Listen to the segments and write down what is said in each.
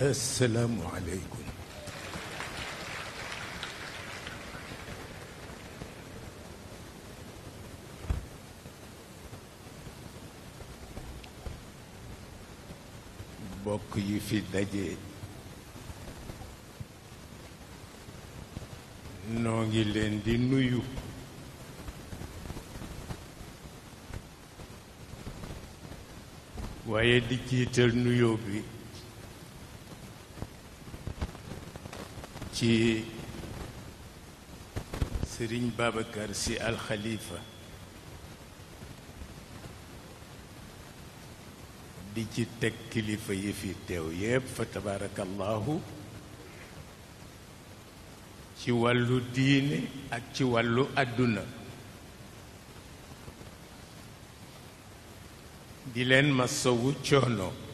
Esselamu Aleyküm. Bokkiyifidagi noo ngi leen di nuyu waaye di jiital nuyoo ci Sëriñ Babacar Sy Al di ci teg kilifa yi fi teew yépp fa tabarakallahu ci wàllu diine ak ci wàllu àdduna di leen masawu coono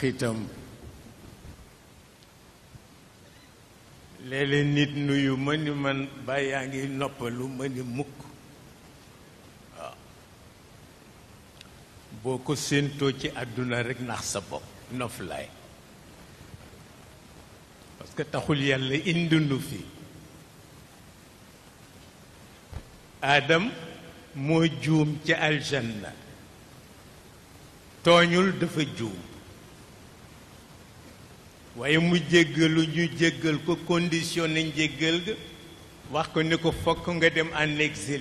xitam léeg nit nuyu ma ni man bày yaa ngi noppalu ma ni mukk waaw boo ko séentoo ci àdduna rekk nax sa bopp noflaay parce que taxul yàlla indi fi aadam moo juum ci aljanna tooñul dafa juum waaye mu jéggalu ñu jéggal ko condition na njéggal wax ko ni ko fokk nga dem en exil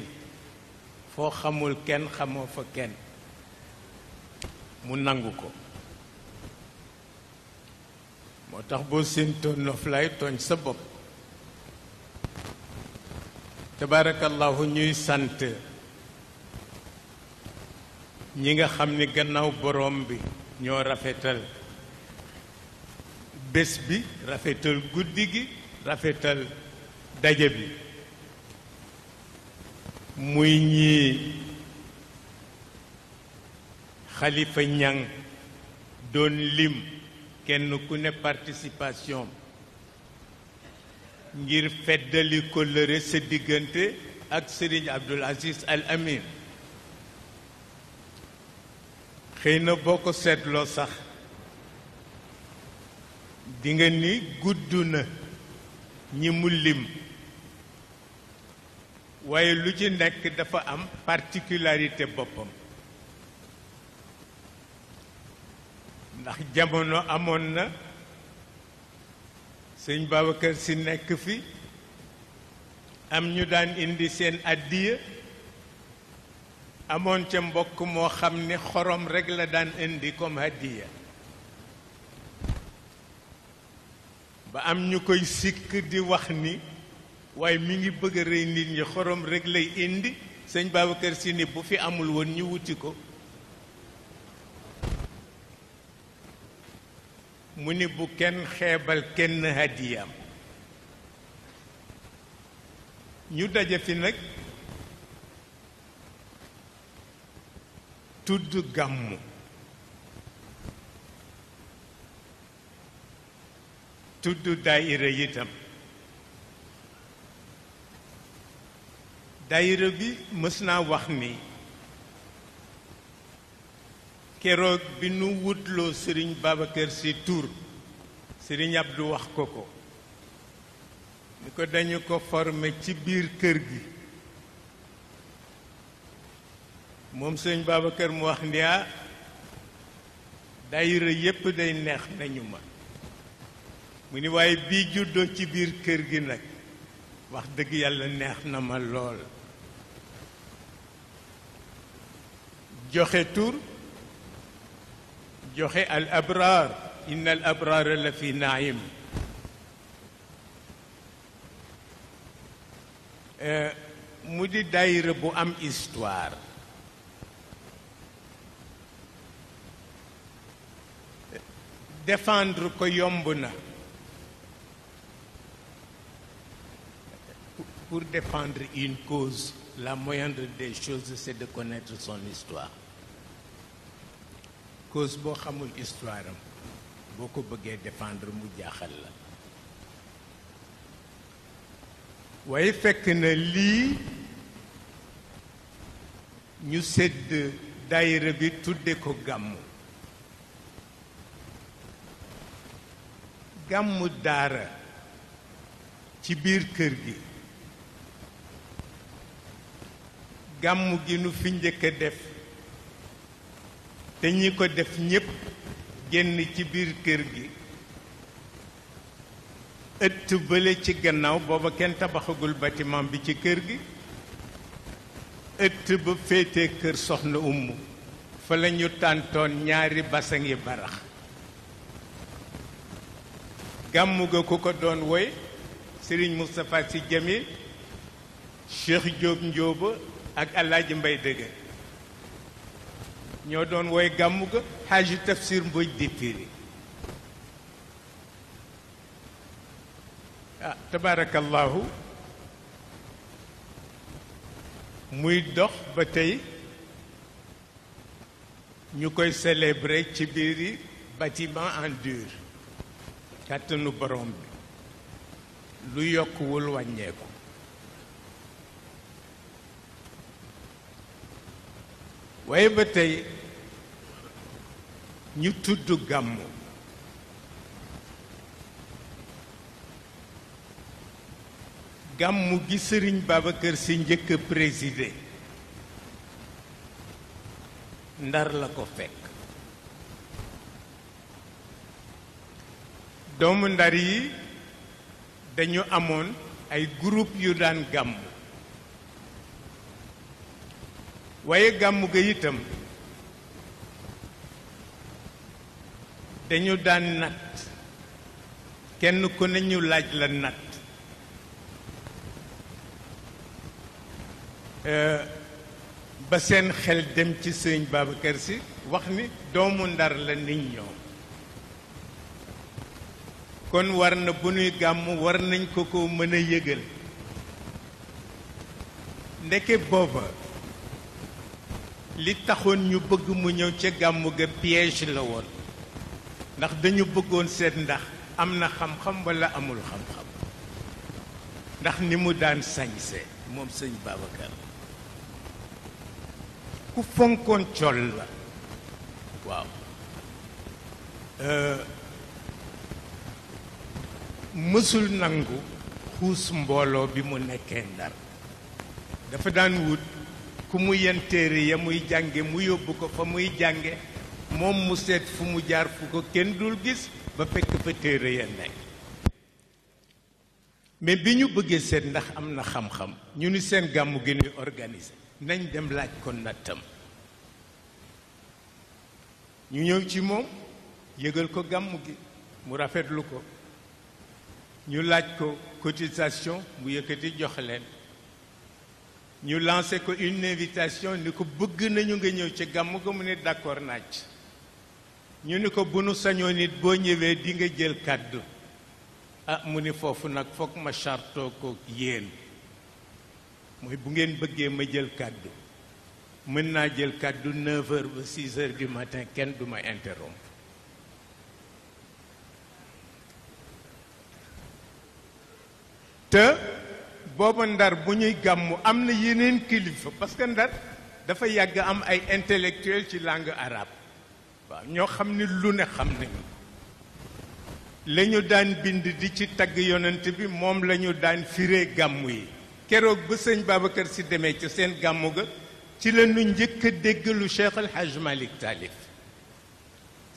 foo xamul kenn xamoo fa kenn mu nangu ko moo tax boo séentoo noflaay tooñ sa bopp tabaarakallahu ñuy sant ñi nga xam ni gannaaw borom bi ñoo rafetal bés bi rafetal guddi gi rafetal daje bi muy ñi khalifa ñang don lim kenn ku ne participation ngir feddali kóllëre sa digënté ak Serigne Abdoul Aziz Al amir xeyna boko boo sax di nga ni gudd ñi mulim waye lu ci nek dafa am particularité bopam ndax jamono amoon na sëñ Babacar si nek fi am ñu daan indi seen addiya amoon ci mbokk mo xamni xorom rek la daan indi comme addiya ba am ñu koy sikk di wax ni waaye mi ngi bëgg a rey nit ñi xorom rek lay indi sëñ Babacar Sy ni bu fi amul woon ñu wuti ko mu ni bu kenn xeebal kenn hadiyam ñu daja fi nag tudd gàmmu tuddu daayira yitam daayira bi mës wax ni keroog bi nu wutlo serigne Babacar si tur serigne abdou wax ko ko ni dañu ko formé ci bir kër gi mom serigne Babacar mu wax ndia ah, daayira yépp day neex nañu ma muni way bi juddo ci bir keur gi nak wax deug yàlla neex na ma lol joxe tour joxe al abrar inna al abraar la fi naim mu di daayira bu am histoire défendre ko pour défendre une cause, la moyenne des choses, c'est de connaître son histoire. Cause bo xamul histoire Beaucoup boo défendre mu jaaxal la Way fekk na li ñu sedd daayira bi tuddé ko gamu. Gamu daara ci biir kër gi gàmm gi nu fi njëkk def te ñi ko def ñépp génn ci biir kër gi ëtt bële ci gannaaw booba kenn tabaxagul bâtiment bi ci kër gi ëtt ba féete kër soxna umm fa lañu tàntoon ñaari basangi barax gàmmu ga ku ko doon woy sëriñ Moustapha Sy Jamil Cheikh Diop njooba ak Alaaji Mbay dëgg ñoo doon woy gàmmu ga xaaji tafsir mbóoj di firi ah muy dox ba tey ñu koy célébrer ci biir biiri bâtiment en dur kàttanu borom bi lu yokkuwul wàññeeku waaye ba tey ñu tuddu gàmmu gàmmu gi sëriñ Babacar si njëkk présidé ndar la ko fekk doomu ndar yi dañu amoon ay groupe yu daan waaye gàmmu ga itam dañu daan natt kenn ko ne laaj la natt euh, ba seen xel dem ci sëñ Babacar Si wax ni doomu ndar la nit ñoo kon war na bu nuy gàmmu war nañ ko ko mën a yëgal ndeke booba li taxoon ñu bëgg mu ñëw ca gàmmu ga piège la woon ndax dañu bëggoon seet ndax am na xam-xam walla amul xam-xam ndax ni mu daan sañse moom sëñ Babacar ku fonkoon col la waaw euh, mësul nangu xuus mbooloo bi mu nekkee ndar dafa daan wut ku mu yen téere ya muy jànge mu yóbbu ko fa muy jànge moom mu seet fu mu jaar fu ko kenn dul gis ba fekk fa téere ya nekk mais bi ñu bëggee seet ndax am na xam-xam ñu ni seen gàmmu gi ñuy organiser nañ dem laaj ko nattam ñu ñëw ci moom yëgal ko gàmmu gi mu rafetlu ko ñu laaj ko cotisation mu yëkkati jox leen ñu lancé ko une invitation ni ko bëgg nañu nga ñëw ci gàmm ko mu ne d'accord naa ci ñu ni ko bunu nu sañoo nit boo ñëwee dinga jël kàddu ah mu ni foofu nag foog ma chartoo ko yéen mooy bu ngeen bëggee ma jël kàddu mën naa jël kàddu 9 heures ba 6 heures du matin kenn du ma interrompre booba ndar bu ñuy gàmmu am na yeneen kilifa parce que ndar dafa yàgg am ay intellectuel ci làng arabe waaw ñoo xam ni lu ne xam ne lañu daan bind di ci tagg yonent bi moom lañu daan firee gàmmu yi keroog ba sëñ Babacar si demee ca seen gàmmu ga ci la ñu njëkk a dégg lu Cheikh Al Hadj Malick taalif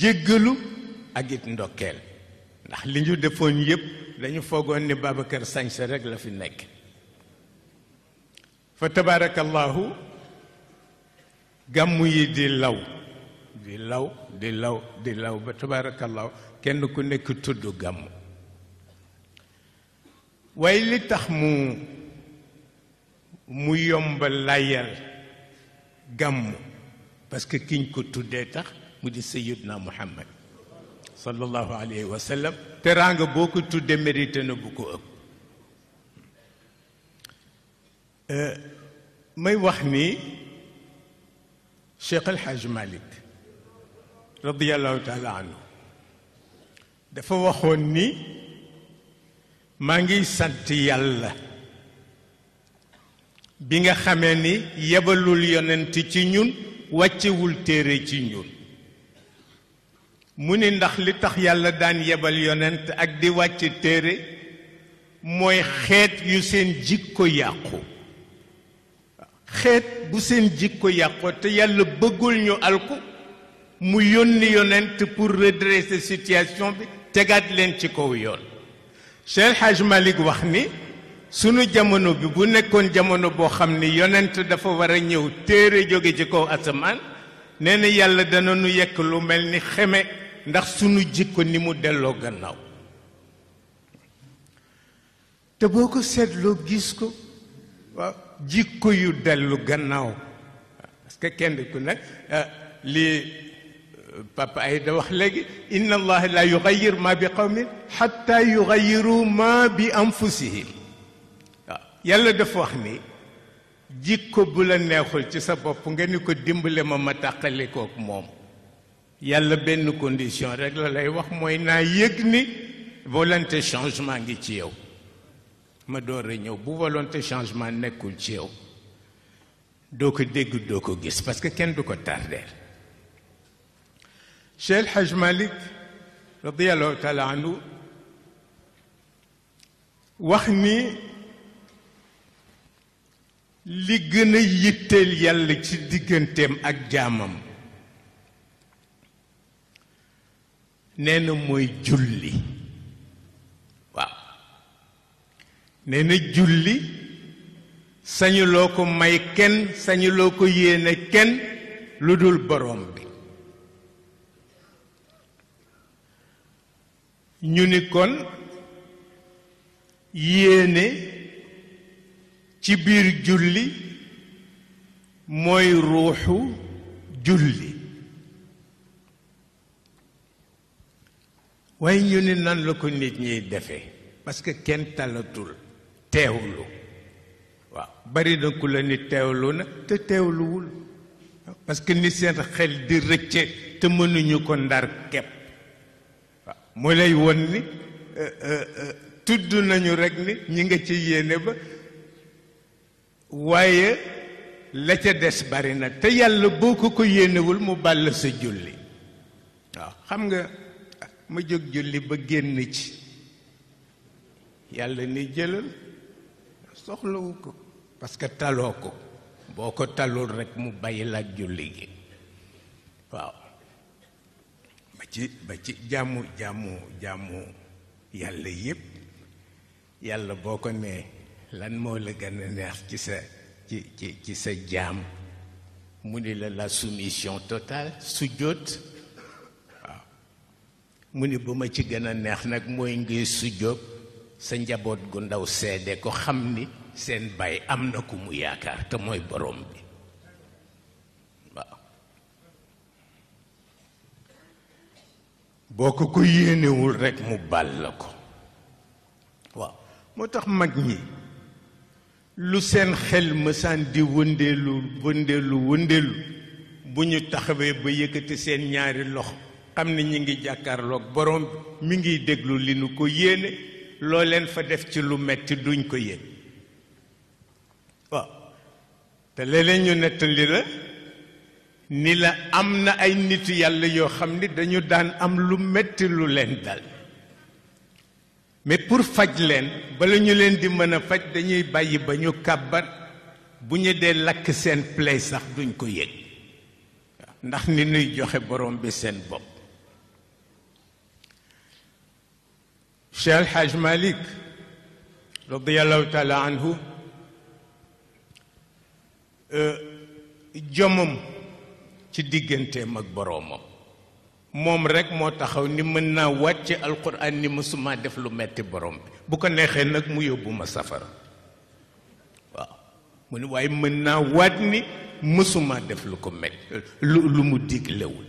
jéggalu ak it ndokkeel ndax li ñu defoon yépp dañu foogoon ni Babacar Sañse rek la fi nekk fa tabaarakallaahu gàmmu yi di law di law di law di law ba tabaarakallaahu kenn ku nekk tudd gàmmu waaye li tax mu mu yomba layal gàmmu parce que kiñ ko tuddee tax مدي سيدنا محمد صلى الله عليه وسلم ترانغ بوكو تودي ميريتن بوكو أب مي وحني شيخ الحاج مالك رضي الله تعالى عنه دفا وخوني مانغي سنت يالا بيغا خاميني يبلول يوننتي تي نيون واتيوول تيري تي نيون mu ni ndax li tax yàlla daan yebal yonent ak di wàcce téere mooy xeet yu seen jikko yàqu xeet bu seen jikko te yàlla bëggul ñu alku mu yónni yonent pour redresser situation bi tegaat leen ci kaw yoon Cheikh wax ni sunu jamono bi bu nekkoon jamono boo xam ni yonent dafa war a ñëw téere jóge ci kaw asamaan nee na yàlla dana nu yekk lu mel ni ndax sunu jikko ni mu delloo gannaaw te boo ko seetloo gis ko waaw jikko yu dellu gannaaw parce que kenn ku nag li papa ay da wax léegi inna allah la yuxayir ma bi qawmin xatta yuxayiru ma bi anfusihim waaw yàlla dafa wax ni jikko bu la neexul ci sa bopp nga ni ko dimbale ma ma tàqalikook moom yàlla benn condition rek la lay wax mooy naa yëg ni volonté changement ngi ci yow ma door a ñëw bu volonté changement nekkul ci yow doo ko dégg doo ko gis parce que kenn du ko tardeel Cheikh El Hadj radiallahu taala anhu wax ni li gën a yitteel yàlla ci digganteem ak jaamam nee na mooy julli waaw nee na julli sañuloo ko may kenn sañuloo ko yéene kenn lu dul boroom bi ñu ni kon yéene ci biir julli mooy ruuxu julli waaye ñu ne nan la ko nit ñiy defee parce que kenn talatul teewlu waaw bari na ku la nit teewlu na te teewluwul parce que ni seen xel di rëcce te mënuñu ko ndar kepp waaw mu lay won ni euh, euh, euh, tudd nañu rek ni ñi nga ci yéene ba waaye la ca des bari na te yàlla boo ko ko yéenewul mu bàll sa julli waaw xam nga ma jóg julli ba génn ci yàlla ni jëlal soxlawu ko parce que taloo ko boo ko talul rek mu bàyyi la ak julli gi waaw ba ci ba ci jàmmu jàmmu jàmmu yàlla yàlla boo ko lan moo la gën a neex ci sa ci ci sa jaam mu ni la la soumission totale sujut. mu ni bu ma ci gën a neex nag mooy ngay sujjóot sa njaboot gu ndaw seede ko xam ni seen baay am na ko mu yaakaar te mooy borom bi boo ko ko yéenewul rekk mu bal la ko waaw moo tax mag ñi lu seen xel mësaan di wëndeelu wëndeelu wëndeelu bu ñu taxawee ba yëkkati seen ñaari loxo xam ne ñi ngi jàkkaarloog boroom mi ngi déglu li nu ko yéene loo leen fa def ci lu metti duñ ko yéen waaw te léeg ñu nettali la ni la am na ay nit yàlla yoo xam ni dañu daan am lu metti lu leen dal mais pour faj leen bala ñu leen di mën a faj dañuy bàyyi ba ñu kàbbar bu ñu dee lakk seen play sax duñ ko yëg ndax ni nuy joxe borom bi seen bopp الشيخ Haj Malik رضي الله تعالى عنه jomam ci digganteem ak boroomam moom rek moo taxaw ni mën naa alquran ni mësuma def lu metti borom bi bu ko neexee nag mu yóbbu ma safara waaw mu ne waaye mën naa waat ni mësuma def lu ko metti lu mu diglewul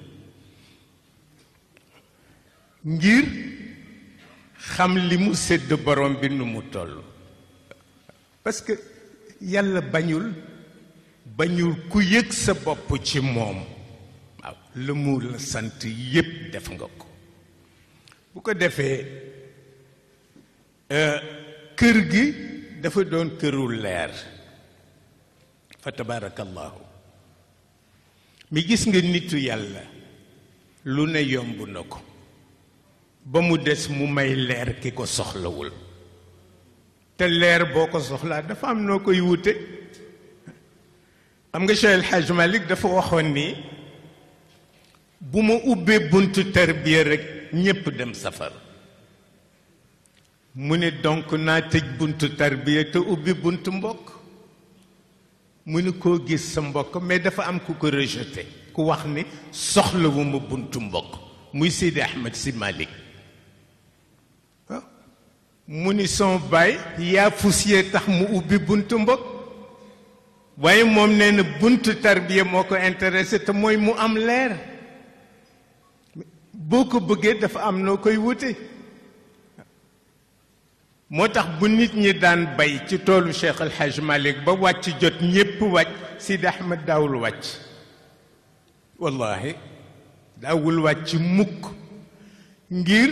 ngir xam li mu sédd borom bi nu mu toll parce que yàlla bañul bañul ku yëg sa bopp ci moom waaw la mu la sant yépp def nga ko bu ko defee euh, kër gi dafa doon këru leer fa tabaarakallaahu mi gis nga nitu yàlla lu ne yomb na ko ba mu des mu may leer ki ko soxlawul te leer boo ko soxlaa dafa am noo koy wute xam nga Cheikh El Hadj Malick dafa waxoon ni bu ma ubbee buntu tarbiya rek ñépp dem safar mu ne donc naa tëj buntu tarbiya te ubbi buntu mbokk mu ne koo gis sa mbokk mais dafa am ku ko rejeté ku wax ni soxlawuma buntu mbokk muy Sidi Ahmed Si Malick mu ni son baay yaa fusiyee tax mu ubbi bunt mbokk waaye moom nee na bunt tarbiya moo ko intéressé te mooy mu am leer boo ko bëggee dafa am noo koy wute moo tax bu nit ñi daan bay ci toolu Cheikh El Hadj ba wàcc jot ñépp wàcc Sidi Ahmed daawul wàcc wallaahi daawul wàcc mukk ngir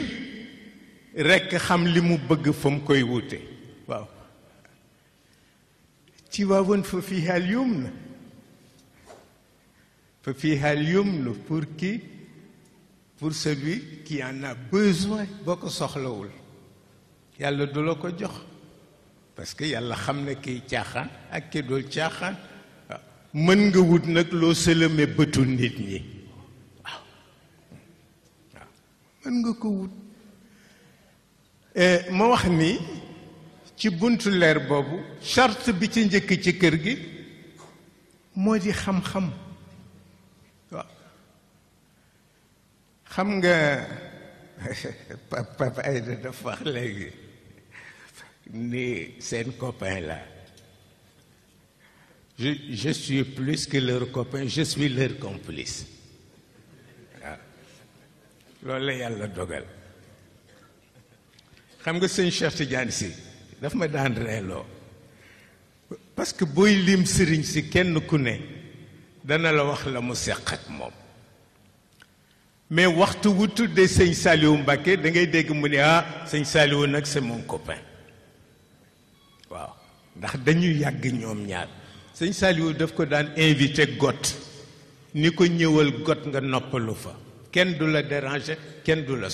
Rek xam li mu bëgg fa mu koy wute waaw Tiwaawan fa fa pour qui pour celui qui en a besoin boo ko soxlawul yàlla du la ko jox parce que yàlla xam na kiy caaxaan ak ki dul caaxaan waaw mën nga wut nag loo sëlëme bëtu nit ñi nga ko wut eh, ma wax ni ci buntu leer boobu charte bi ci njëkk ci kër gi moo di xam-xam waaw xam nga papa Aïda dafa wax léegi ni seen copain la je je suis plus que leur copain je suis leur complice waaw loolu la yàlla dogal xam nga sëñ Cheikh Tidiane si daf ma daan reeloo parce que booy lim sëriñ si kenn ku ne dana la wax la mu seq mais waxtu wu de sëñ Saliou Mbacke da ngay dégg mu ne ah c'est mon copain waaw ndax dañu yàgg ñoom ñaar sëñ Saliou daf ko daan invité got ni ko nga noppalu fa kenn du la déranger kenn du la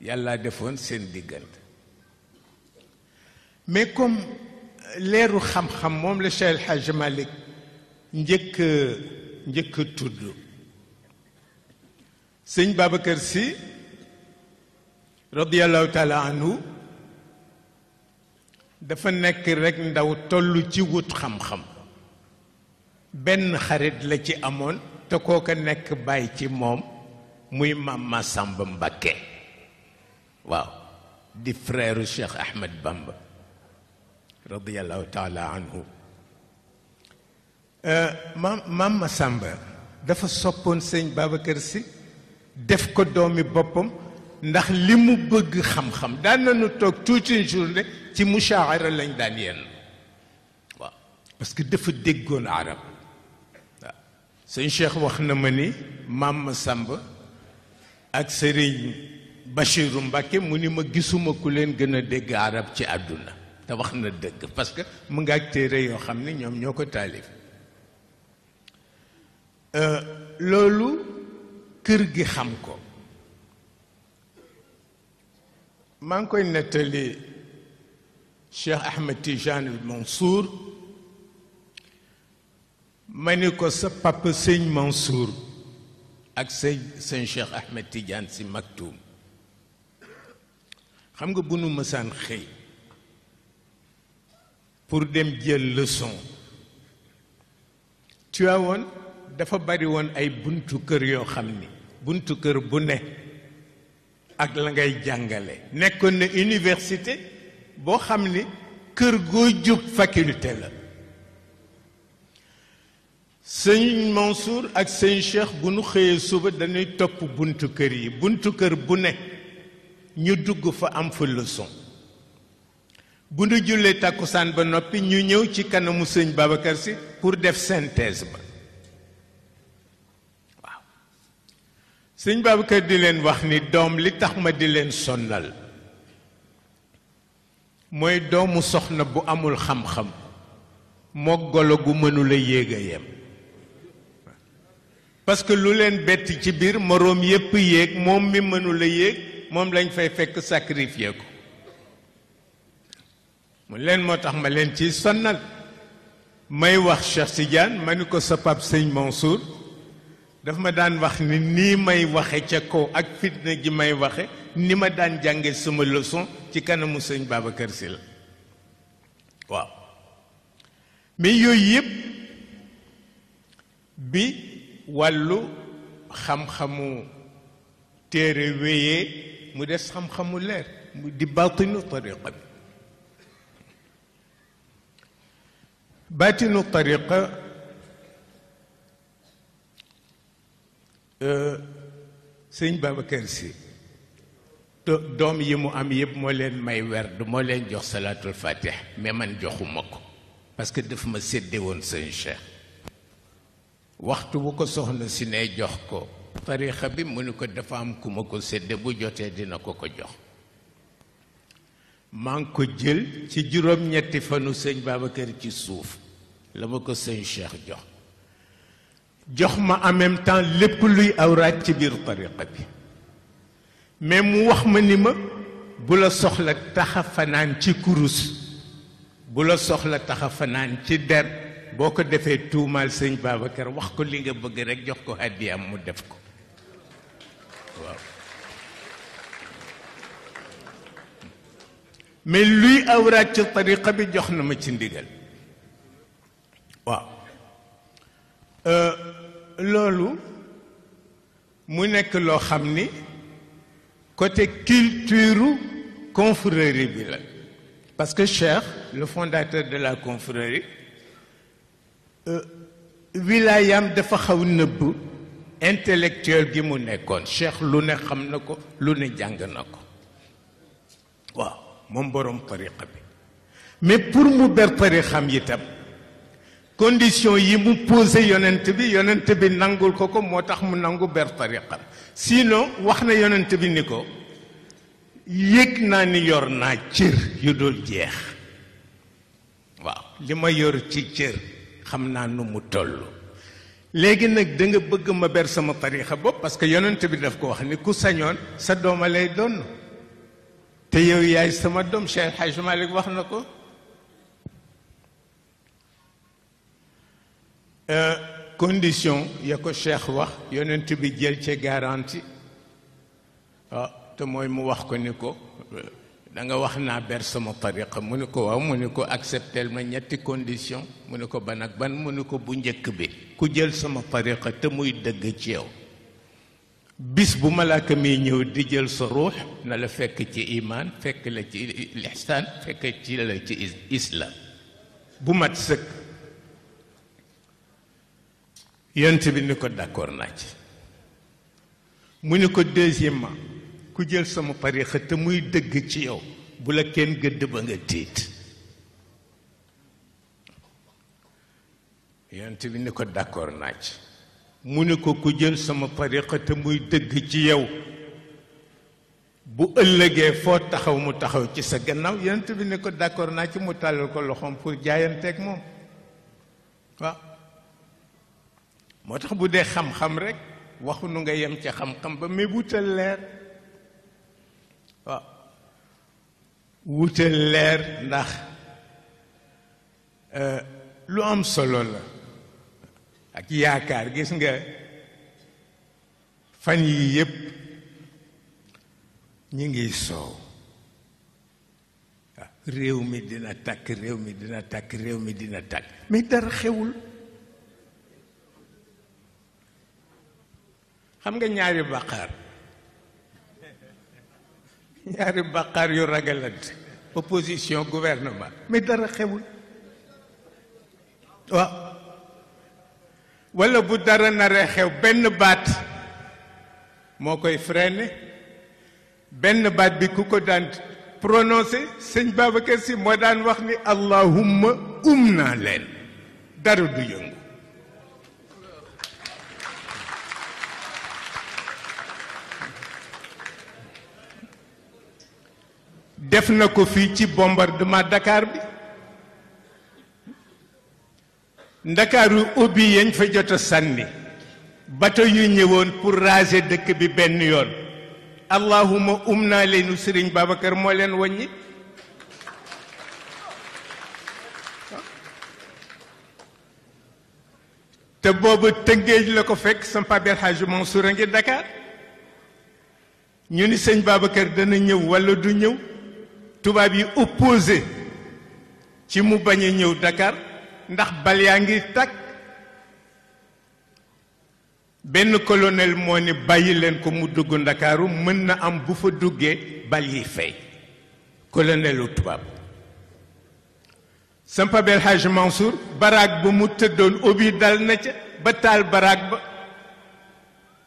yàlla defoon seen diggante mais comme leeru xam-xam moom la Cheikh El malik Malick njëkk njëkk tudd sëñ Babacar Sy radiallahu taala anhu dafa nekk rek ndaw toll ci wut xam-xam benn xarit la ci amoon te kooka nekk bàyyi ci moom muy Mama Samba Mbakke waaw di frère Cheikh Ahmed Bamba radiallahu taala anhu maam maam Masamba dafa soppoon sëñ Babacar Sy def ko doomi boppam ndax li mu bëgg xam-xam daan nañu toog toute une journée ci mushaara lañ daan yenn waaw parce que dafa déggoon arab waaw sëñ Cheikh wax na ma ni maam Masamba ak sëriñ Bachiru Mbàkke mu ni ma gisuma ku leen gën a dégg arab ci àdduna te wax na dëgg parce que mu nga ak téere yoo xam ne ñoom ñoo ko taalif euh, loolu kër gi xam ko maa ngi koy nettali Cheikh Ahmed Tidiane Mansour ma ni ko sa papa sëñ Mansour ak sëñ sëñ Cheikh Ahmed Tidiane si Maktoum xam nga bu nu mësaan xëy pour dem jël leçon Tiwaawoon dafa bari woon ay buntu kër yoo xam ni buntu kër bu ne ak la ngay jàngale nekkoon na université boo xam ni kër goo faculté la sëñ Mansour ak sëñ Cheikh bu nu xëyee suba dañuy topp buntu kër yi buntu kër bu ne ñu dugg fa am fa bu nu jullee tàkkusaan ba noppi ñu ñëw ci kanamu sëñ Babacar si pour def synthèse ba sëñ Babacar di leen wax ni doom li tax ma di leen sonnal mooy doomu soxna bu amul xam-xam moo golo gu mënula yéeg a yem parce que lu leen bett ci biir moroom yépp yéeg moom mi mënula yéeg moom lañ fay fekk sacrifié ko mu leen moo tax ma leen ciy sonnal may wax Cheikh Tidiane ma ni ko sa pap sëñ Mansour daf ma daan wax ni nii may waxe ca kaw ak fitna ji may waxe ni ma daan jànge sama leçon ci kanamu sëñ kër Sy la waaw mais yooyu yëpp bi wàllu xam-xamu téere wéyee mu des xam-xamu leer mu di baatinu tariqa bi baatinu tariqa sëñ Babacar Si doom yi mu am yëpp moo leen may werd moo leen jox salaatul fatih mais man joxuma ko parce que daf ma sédde woon sëñ Cheikh waxtu bu ko soxna si ne jox ko tarixa bi mu ni ko dafa am ku ma ko sédde bu jotee dina ko ko jox maa ngi ko jël ci juróom-ñetti fanu sëñ Babacar ci suuf la ma ko sëñ Cheikh jox jox ma en même temps lépp luy awraat ci biir tariqa bi mais mu wax ma ni ma bu la soxla taxa fanaan ci kurus bu la soxla taxa fanaan ci der boo ko defee tuumaal sëñ Babacar wax ko li nga bëgg rekk jox ko àddiyaam mu def ko mais lui aura ci tariqa bi jox na ma ci ndigal waaw euh, loolu mu ni côté culture confrérie bi la parce que cher le fondateur de la confrérie euh, wilaayam de xaw nëbb intellectuel gi mu nekkoon cheikh lu ne xam na ko lu ne jàng na ko waaw moom boroom tariqa bi mais pour mu ber tarixam condition yi mu pose yonent bi yonent bi nangul ko ko moo tax mu nangu ber tarixam sinon wax na yonent bi ni ko yëg naa ni yor naa cër yu dul jeex waaw li ma yor ci cër xam naa nu mu toll léegi nag da bëgg ma ber sama tarixa bopp parce que yonent bi daf ko wax ni ku sañoon sa dooma lay doon te yow yaay sama doom Cheikh Haj Malick wax na ko euh, condition ya ko cheikh wax yonent bi jël ci garanti ah te mooy mu wax ko ni ko da wax naa ber sama tariqa mu ni ko waaw mu ne ko acceptel ma ñetti condition mu ne ko ban ak ban mu ni ko bu njëkk bi ku jël sama tariqa te muy dëgg ci yow bis bu malaaka mi ñëw di jël sa ruux na la fekk ci iman fekk la ci isla bu mat sëkk yant bi ni ko d'accord naa ci mu ni ko deuxièmement ku jël sama parixa te muy dëgg ci yow bu la kenn gëdd ba nga tiit yant bi ni ko d'accord naa ci mu ne ko ku jël sama parixa te muy dëgg ci yow bu ëllëgee foo taxaw mu taxaw ci sa gannaaw yant bi ne ko d'accord naa ci mu tàllal ko loxoom pour jaayanteeg moom waaw moo tax bu dee xam-xam rek waxu nu nga yem ci xam-xam ba mais wutal leer wutal leer ndax euh, lu am solo la ak yaakaar gis nga fan yi yépp ñi ngi soow ah, réew mi dina takk réew mi dina takk réew mi dina takk mais dara xewul xam nga ñaari baqaar ñaari bàqaar yu opposition gouvernement mais dara xewul waaw wala bu dara naree xew benn baat moo koy freiné benn baat bi ku ko daan Si wax allahumma um def na ko fii ci bombardement Dakar bi ndakaaru ubbi yañ fa jot a sànni bato yu ñëwoon pour raser dëkk bi benn yoon allahuma um naa leenu sëriñ Babacar moo leen wàññi te booba tëngéej la ko fekk sama Pape El Hadj a ngi Dakar ñu ni sëñ Babacar dana ñëw walla du ñëw tubaab yi opposé ci mu ñëw Dakar ndax bal ngi tak ben colonel mo ni bàyyi ko mu dugg mën na am bu fa duggé bal yi fay colonel tubaab Samba Bel Hadj Mansour Barak bu mu teddon obi dal na ci ba taal ba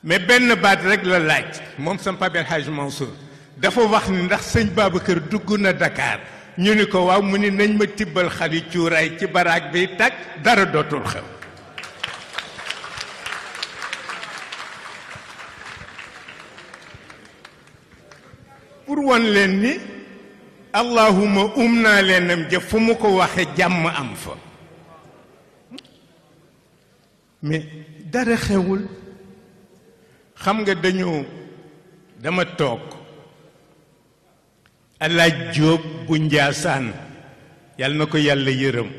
mais Ben baat rek la laaj moom Sampa Bel Hadj Mansour dafa wax ni ndax sëñ kër dugg na Dakar ñu ni ko waaw mu ni nañ ma tibbal xali cuuraay ci baraag bi tag dara dootul xew pour won leen ni allahuma um naa leenam jëf fu mu ko waxe jàmm am fa mais dara xewul xam nga dañu dama toog alaaj jóob bu njaasaan yàlla na ko yàlla yërëm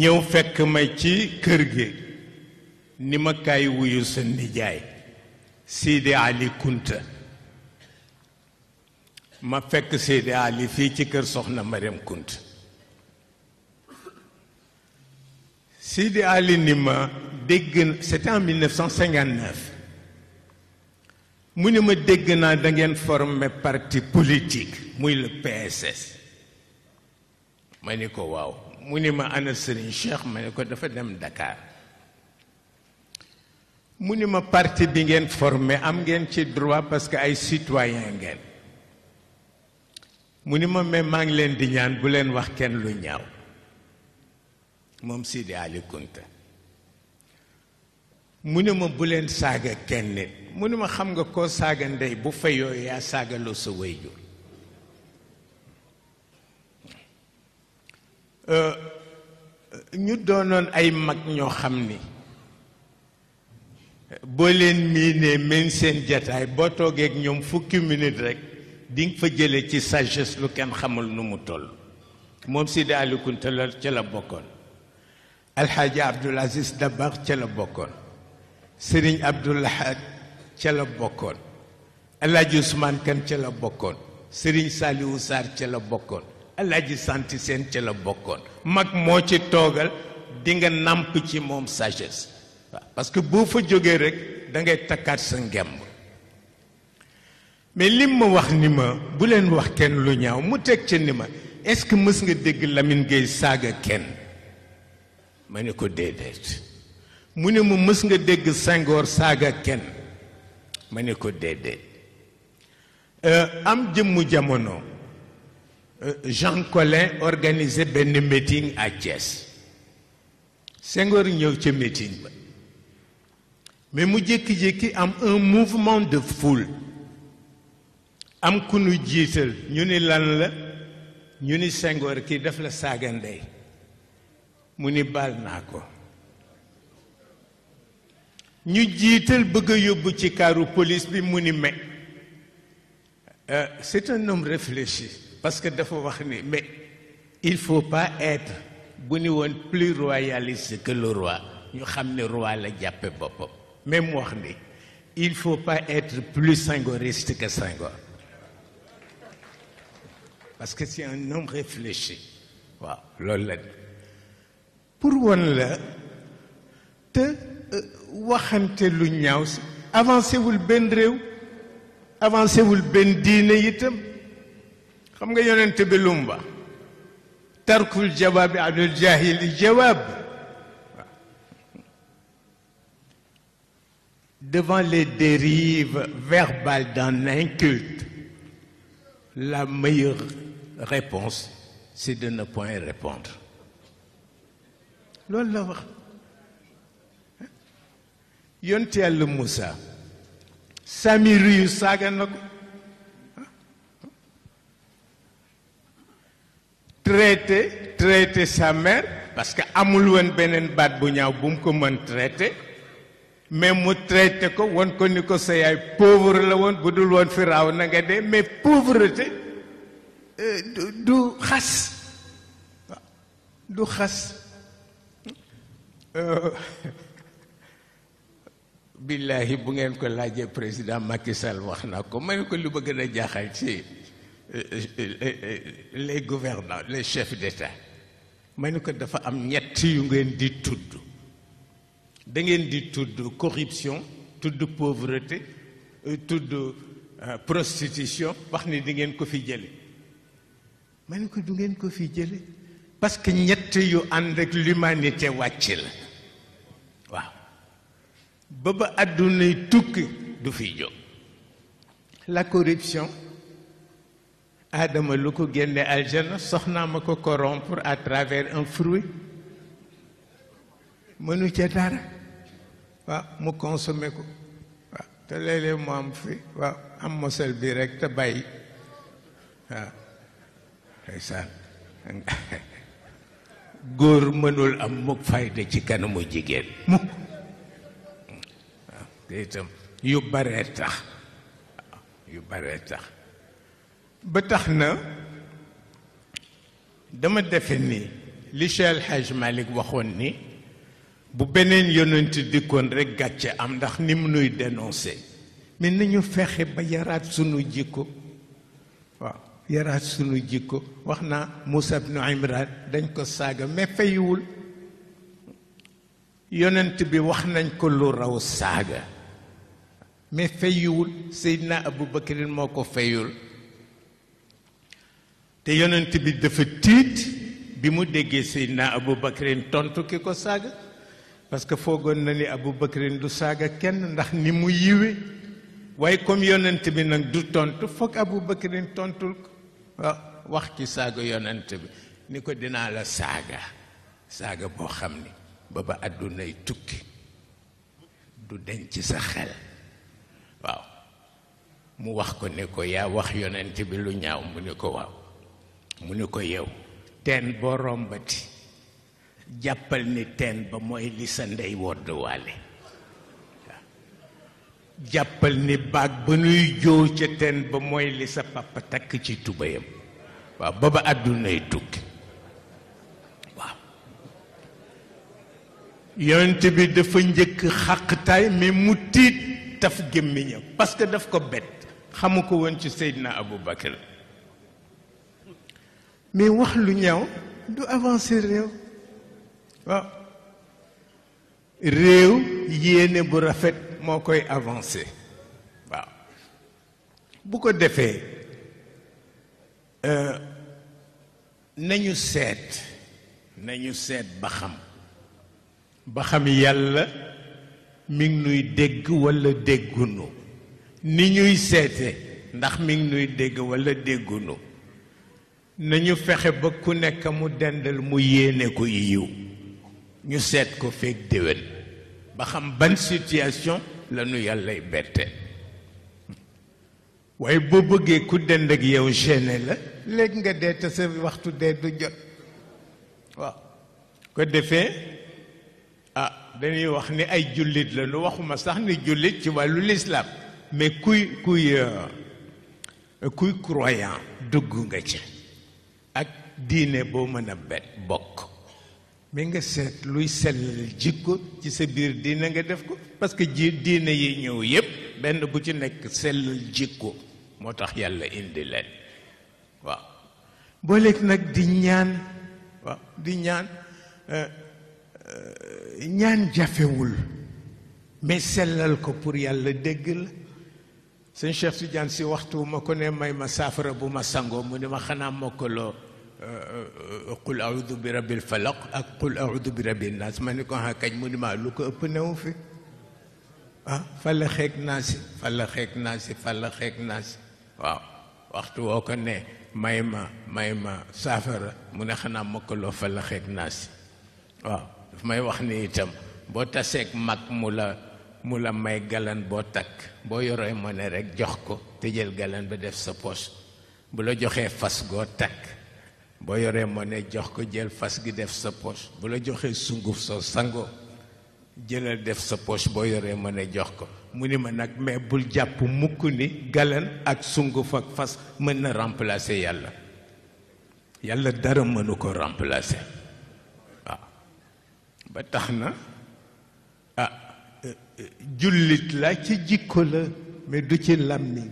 ñëw fekk ma ci kër gi ni ma kaay wuyu sa nijaay Seydi Ali Kunta ma fekk Seydi Ali fii ci kër soxna Mariam Kunta Seydi Ali ni ma dégg c'était mu ne ma dégg naa dangeen ngeen parti politique muy le PSS ma ni ko waaw mu ni ma ana Serigne Cheikh ma ne ko dafa dem Dakar mu ne ma parti bi ngeen formé am ngeen ci droit parce que ay citoyen ngeen mu ni ma mais maa ngi leen di ñaan bu leen wax kenn lu ñaaw moom Sidi Ali Kunta mu ne ma bu leen saaga kenn nit mu ni ma xam nga koo saaga ndey bu fayoo yaa saagaloo sa wayjur euh, ñu doonoon ay mag ñoo xam ni boo leen miinee meen seen jataay boo toogeek ñoom fukki minute rek di nga fa jële ci sagesse lu kenn xamul nu mu toll moom si Aliou Kounta la ca la bokkoon alxaaji Abdul Aziz Dabax ca la bokkoon sëriñ Abdul Ahad ca la bokkoon Alaaji Usmaan Kan ca la bokkoon Sëriñ Saaliwu Saar ca la bokkoon Alaaji Santi Seen ca la bokkoon mag moo ci toogal dinga nàmp ci moom sagesse waaw parce que boo fa jógee rek da ngay takkaat sa ngemb mais lim ma wax ni ma bu wax kenn lu ñaaw mu teg ca ni ma est-ce mës nga dégg lamin Gueye saaga kenn ma ne ko déedéet mu ne mu mës nga dégg sangoor saaga kenn ma ne ko déedéet euh, am jëmmu jamono euh, Jean Collin organisé benn meeting à Thiès Senghor ñëw ca meeting ba mais mu jékki-jékki am un mouvement de foule am ku nu jiital ñu ni lan la ñu ni sengoor kii daf la saaga ndey mu ni baal naa ko ñu jiital bëgg a yóbbu ci kaaru police bi mu ni euh, c'est un homme réfléchi parce que dafa wax ni mais il faut pas être bu ni plus royaliste que le roi ñu xam roi la jàppe boppam même wax ni il faut pas être plus singoriste que Singor, parce que c'est un homme réfléchi waaw loolu pour won la te euh, waxante lu ñaaw si avancé wul benn réew avancé wul benn diine itam xam nga yonent bi lu tarkul jawaabi alal Jahil jawaab devant les dérives verbales d'un inculte la meilleure réponse c'est de ne point répondre la yonte yàlla Moussa Samiri yu saaga na traité traité sa mère parce que amul won benen bat bu ñaaw bu ko mën traité mais mu traité ko won ko ni ko sa yaay pauvre la won budul won firaw na nga dé mais pauvreté euh, du khas du euh, billahi bu ngeen ko laajee président Macky Sall wax na ko ma ko lu bëgg gën a jaaxal ci euh, euh, les gouvernants les chefs d'État ma ne ko dafa am ñett yu ngeen di tudd da ngeen di tudd corruption tudd pauvreté euh, tudd prostitution wax ni di ngeen ko fi jële ma ne ko du ngeen ko fi jële parce que ñett yu ànd ak l'humanité wàcc la ba ba àddunay tukki du fi jog la corruption Adama lu ko génne aljana soxna ma ko corrompre à travers un fruit mënu ci dara wa mu consommé ko wa te lele mo am fi wa am mo sel bi rek te bay wa ndeysaan góor mënul am mukk fayda ci kanamu jigen mukk حقيتهم يبرتخ يبرتخ بتخنا دم دفني ليش الحاج مالك وخوني بو بنين يوننت ديكون رك غاتشي ام داخ نيم نوي دينونسي مي نانيو فخي با يرات سونو جيكو وا يرات سونو جيكو موسى بن عمران دنج كو ساغا مي فايول يوننت بي واخ نانكو لو راو ساغا mais seyd fayuwul abu Aboubacrine moo ko fayul te yonent bi dafa tiit bi mu déggee seyd Seydina Aboubacrine tontu ki ko saaga parce que foogoon na ni abu Aboubacrine du saaga kenn ndax ni mu yiwe waaye comme yonent bi nag du tontu foog Aboubacrine tontul ko waaw ah, wax ci saaga yonent bi ni ko dinaa la saaga saaga boo xam ni baba àddunay tukki du denc sa xel mu wax ko ne ko yaa wax yonent bi lu ñaaw mu ne ko waaw mu ne ko yew teen boo rombati jàppal ni teen ba mooy li sa ndey wodduwaale jàppal ni baag ba nuy jóow ca teen ba mooy li sa papa ci tubayam waaw ba ba àddunay tukki waaw yonent bi dafa njëkk xàqtaay mais mu tiit taf gémmiñam parce que daf ko bett xamuko won ci Abou Bakr mais wax lu ñaw du avancer rew wa yé yene bu rafet mo koy avancer wa bu ko fait, euh, nañu nañu Nous ba xam ba mi ngi ni ñuy seete ndax mi ngi nuy dégg walla déggunu nañu fexe ba ku nekk mu dendal mu yéene ko yiw ñu seet ko ba xam ban situation la nu yàllay bette waaye boo bëggee ku dend yow gêné la léegi nga dee te sa waxtu dee du jot waaw ko defee ah dañuy wax ni ay jullit la nu waxuma sax ni jullit ci wàllu l'islam. mais kuy kuy euh, kuy croyant dugg nga ci ak diine boo mën a bet bokk mais nga seet luy sellal jikko ci sa biir diine nga def ko parce que ji diine yi ñëw yépp benn bu ci nekk sellal jikko moo tax yàlla indi leen waaw boo nag di ñaan waaw di ñaan euh, euh, ñaan jafewul mais sellal ko pour yàlla dégg la sëñ Cheikh Tidiane si waxtu ma ko ne may ma saafara bu ma sangoo mu ne ma xanaa mokkaloo euh, euh, euh, qul audu bi rabbil falaq ak qul audu bi rabbin naas ma ne ko ah kañ mu ne ëpp newu fi ah falla xeeg naa si falla xeeg naa si ne may ma may saafara mu ne xanaa mokkaloo falla xeeg naa waaw daf may wax ni itam boo taseeg mag mu mu la may galan boo takk boo yoree monnaie rek jox ko te jël galan ba def sa poche bu la joxee fas goo takk boo yoree monnaie jox ko jël fas gi def sa poche bu la joxee sunguf so sango jël def sa poche boo yoree monnaie jox ko muni ma nak mais bul japp mukk ni galan ak sunguf ak fas mën na remplacer yalla yalla dara mënu ko remplacer ba taxna Julit la ci jikko la mais du ci làmmiñ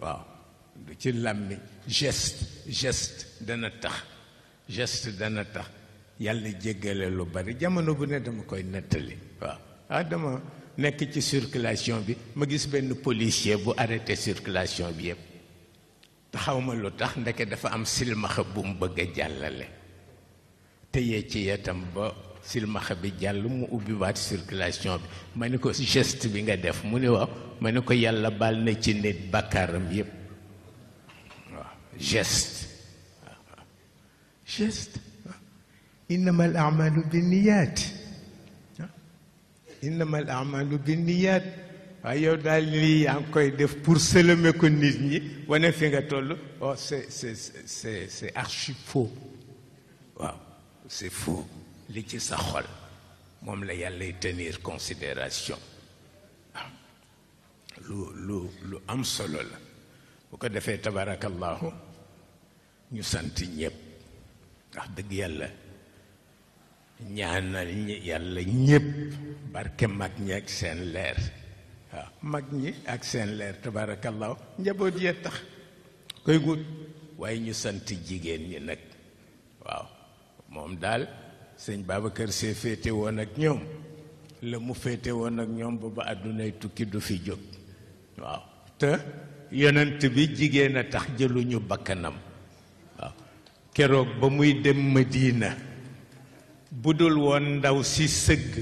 waaw du ci geste geste dana tax geste dana tax yàlla jéggale lu bari jamono bu ne dama koy nettali waaw ah dama nekk ci circulation bi ma gis policier bu arrêté circulation bi te lu tax ndeke dafa am si le jàll mu circulation bi ne geste bi nga def mu ne waaw ma ne ci nit geste geste Il al amalu innama al amalu koy def pour sëlëme ko nit oh c'est c'est c'est archi faux c'est faux li ci sa xol moom la yàllay tenir considération waaw lu lu lu am solo la bu ko defee tabarakallahu ñu sant ñëpp wax dëgg yàlla ñaanal ñi yàlla ñëpp barke mag ñi ak seen leer waaw mag ñi ak seen leer tabarakallahu njaboot yee tax koy gut waaye ñu sant jigéen ñi nag waaw moom daal sëñ Babacar see féete woon ak ñoom la mu féete woon ak ñoom ba ba àddunay tukki du fi jóg waaw te yonent bi jigéen a tax jëluñu bakkanam waaw keroog ba muy dem ma diina bu dul woon ndaw si sëgg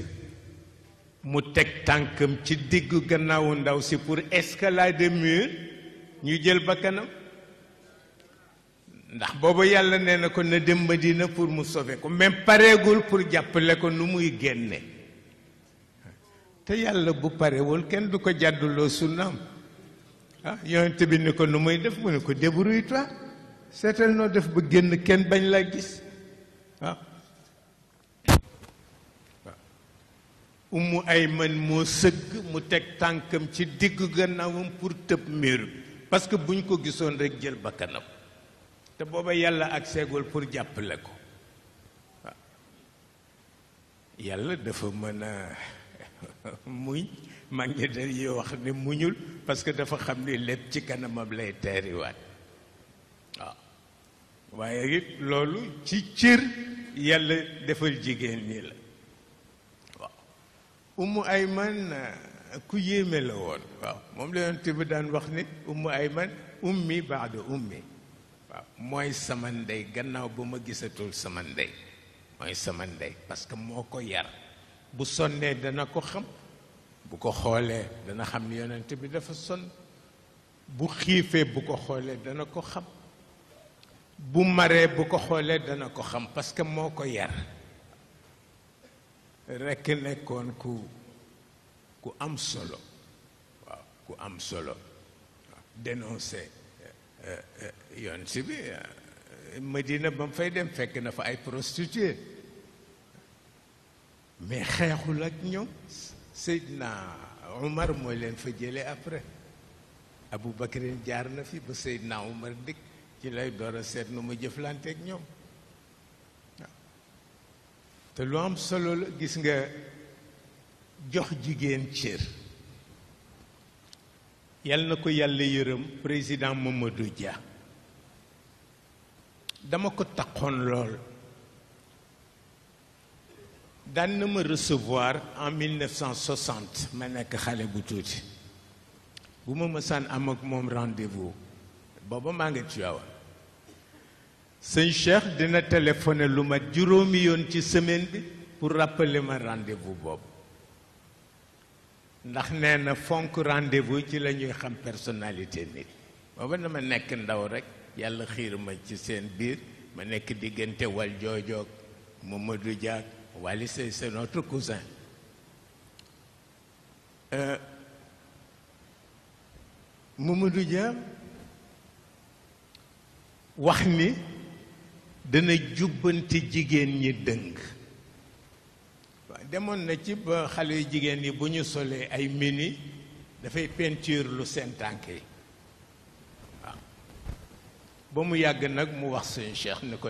mu teg tànkam ci diggu gannaawu ndaw si pour escalader mur ñu jël bakkanam ndax boobu yàlla nee na ko na dem na pour mu sauver ko mais pareegul pour jàppale ko nu muy génne te yàlla bu parewul kenn du ko jàdduloo sunnaam ah yonent bi ni ko nu muy def mu ne ko débrouille-toi seetal noo def ba génn kenn bañ laa gis ah umu ay man moo sëgg mu teg tànkam ci diggu gannaawam pour tëb miir bi parce que buñ ko gisoon rek jël bakkanam te booba yàlla ak seegul pour jàppale ko yàlla dafa mën a muñ mag ñi dañuy wax ne muñul parce que dafa xam ni lépp ci kanamam lay teeriwaat waaw waaye it loolu ci cër yàlla defal jigéen ñi la waaw umu ayman uh, ku yéeme la woon waaw moom la yonent bi daan wax ni umu ayman ummi ummi mooy sama ndey gannaaw ba ma gisatul sama ndey mooy sama ndey parce que moo ko yar bu sonnee dana ko xam bu ko xoolee dana xam ni bi dafa sonn bu xiifee bu ko xoolee dana ko xam bu maree bu ko xoolee dana ko xam parce que moo ko yar rekk nekkoon ku ku am solo waaw ku am solo dénoncé euh, euh, yoon si bi eh, Medina ba mu fay dem fekk na fa ay prostituées mais xeexul ak ñoom Seydina Omar mooy leen fa jële après Abu Bakrin jaar na fi ba Seydina Omar dikk ci lay door seet nu ma jëflante ñoom te lu am solo la gis nga jox jigéen cër yal na ko yàlla yërëm président Mamadou Dia dama ko taxoon lool daan na ma recevoir en 1960 ma nekk xale bu tuuti bu ma mësaan am ak moom rendez-vous booba maa ngi Tiwaawan sëñ Cheikh dina téléphoné lu ma juróomi yoon ci semaine bi pour rappeler ma rendez-vous boobu ndax nee na fonk rendez-vous ci la ñuy xam personnalité nit booba dama nekk ndaw rek yàlla xiir ma ci seen biir ma nekk diggante wal joojoog Mamadou Diak Wally c'est c'est notre cousin euh, Mamadou Dia wax ni dana jubbante jigéen ñi dëng waaw demoon na ci ba xale yu jigéen yi bu ñu solee ay mini dafay peinture lu seen tànk yi si mu yàgg nag mu wax sëñ Cheikh ni ko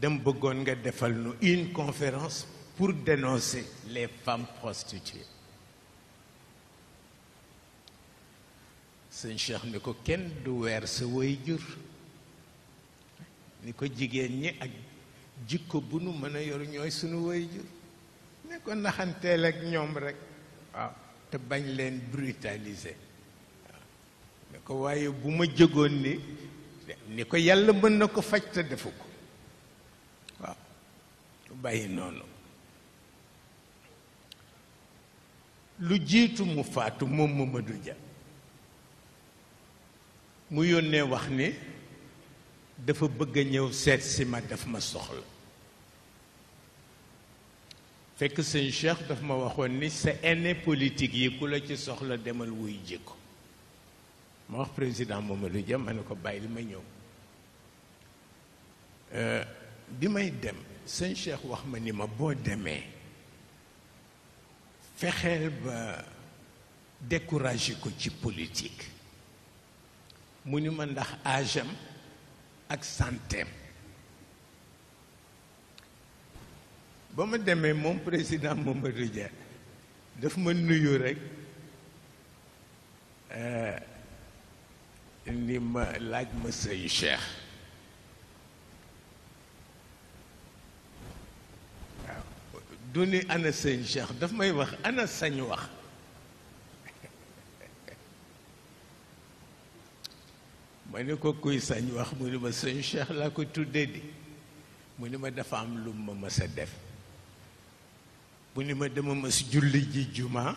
dem une conférence pour dénoncer les femmes prostituées sëñ Cheikh ni ko kenn du weer sa way jur ni ak jikko bu nu a yor ñooy sunu ak rek ne ko waaye bu ma jógoon ni ni ko yàlla mën na ko faj te defu ko waaw bàyyi noonu lu jiitu mu faatu moom Mamadou Dia mu yónnee wax ni dafa bëgg a ñëw seet si ma daf ma soxla fekk sëñ Cheikh daf ma waxoon ni sa aîné politique yi ku la ci soxla demal wuy jikko ma wax président Mamadou Dia ma ne ko bàyyi li ma ñëw euh, bi may dem sëñ Cheikh wax ma ni ma boo demee fexeel ba découragé ko ci politique mu ni ma ndax âge ak santeem ba ma demee moom président Mamadou Dia daf ma nuyu rek euh, اني ما لاج ما سي شيخ دوني انا سي شيخ داف ماي واخ انا ساني واخ ماني كو كوي ساني واخ موني ما سي شيخ لا كو تودي دي موني ما داف ام لوم ما ما سا داف موني ما دما ما سجولي جي جمعه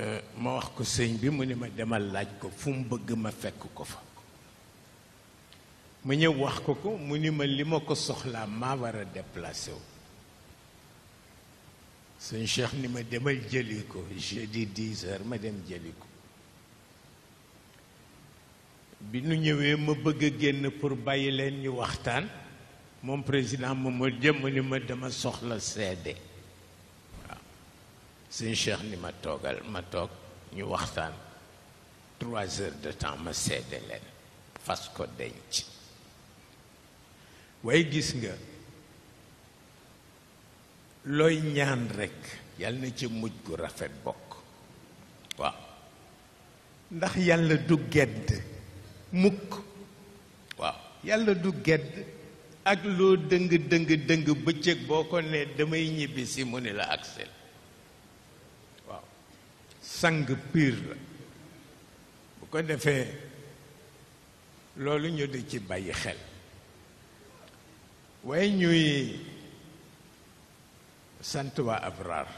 Euh, ma wax ko sëñ bi mu ne ma demal laaj ko fu mu bëgg ma fekk ko fa ma ñëw wax ko ko mu ni ma li ma ko soxlaa maa war a déplacé wu sëñ Cheikh ni ma demal jëli ko jeudi di heures ma dem jëli ko bi nu ñëwee ma bëgg a génn pour bàyyi leen ñu waxtaan moom président ma ma jëm ni ma dama soxla sedde suñ cheikh ni ma toogal ma toog ñu waxtaan trois heures de temps ma seede leen fas ko denc waaye gis nga looy ñaan rekk yàlla na ci mujj gu rafet bokk waaw ndax yàlla du gedd mukk waaw yàlla du gedd ak loo dëng dëng dëng bëccëg boo ko ne damay ñibbi si mu ni la agsel sang piir la bu ko defee loolu ñu di ci bàyyi xel waaye ñuy sant waa abraar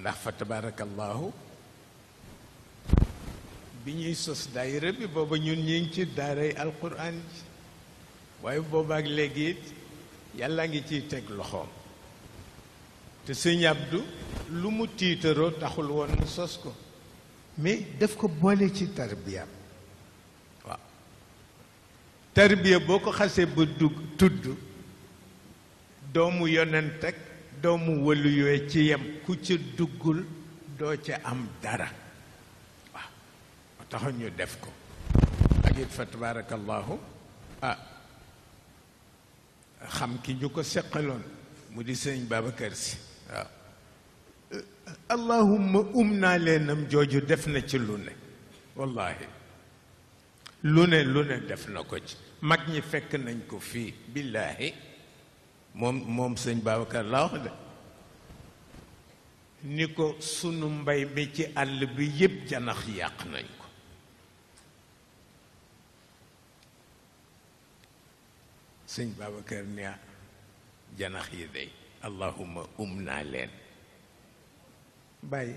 ndax fa tabarakallahu bi ñuy sos daayira bi booba ñun ñi ci daaray alquran ji waaye boobaak léegi it yàlla ngi ciy teg loxoom te sëñ Abdou lu mu tiitaroo taxul woon na sos ko mais def ko boole ci tarbiyaam waaw tarbiya boo ko xasee ba dugg tudd doomu yonent ak doomu wëlu ci yem ku ca duggul doo ca am dara waaw tax ñu def ko ak it fa tabarakallahu ah xam ki ñu ko seqaloon mu di sëñ kër Si waaw allahumma um naa leenam jooju def na ci lu ne wallahi lu ne lu ne def na ko ci mag ñi fekk nañ ko fii billaahi moom moom sëñ Babacar laa wax de ni ko sunu mbay mi ci àll bi yépp janax yàq nañ ko sëñ Babacar ni janax yi dey allahuma um naa leen bàyyi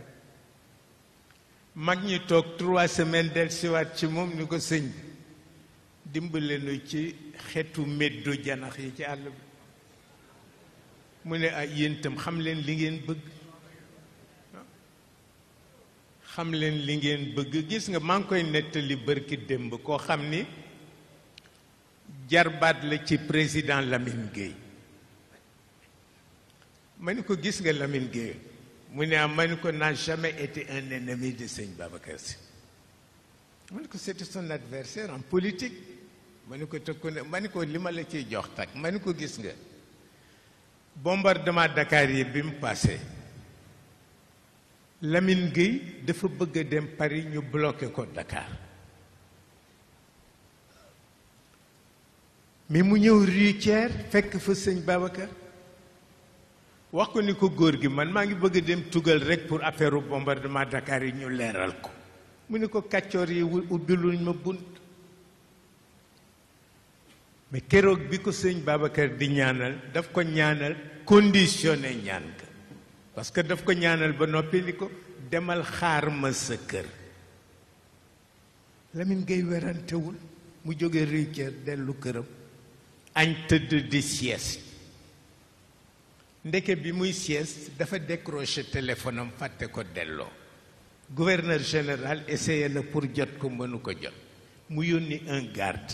mag ñi toog trois semaines del siwaat ci moom ñu ko sëñ bi dimbale nu ci xetu meddu janax yi ci àll bi mu ne ay ah, yéen xam leen li ngeen bëgg xam leen li ngeen bëgg gis nga maa ngi koy nettali bërki démb koo xam ni jarbaat la ci président Lamine Gueye Maniko ni ko gis nga Lamine Gueye mu ne ko n'a jamais été un ennemi de seigne Babacar Sy ma ko c'était son adversaire en politique Maniko ko te ku ko li la jox tak ma ko gis nga bombardement Dakar yi bi passé Lamine Gueye dafa bëgg dem Paris ñu bloqué ko Dakar mais mu ñëw rue Thiers fekk fa seigne Babacar wax ko ni ko góor gi man maa ngi bëgg dem tugal rek pour affaire u bombardement Dakar yi ñu leeral ko mu ni ko kàccoor yi ubbi luñ ma bunt mais keroog bi ko sëñ Babacar di ñaanal daf ko ñaanal conditionné ñaan ka parce que daf ko ñaanal ba noppi ni ko demal xaar ma sa kër Lamine Gueye werantewul mu jóge Richard dellu këram añ tëdd di sieste ndeke bi muy sieste dafa décroché téléphone am fàtte ko delloo gouverneur général essayé na pour jot ko mënu ko jot mu yónni un garde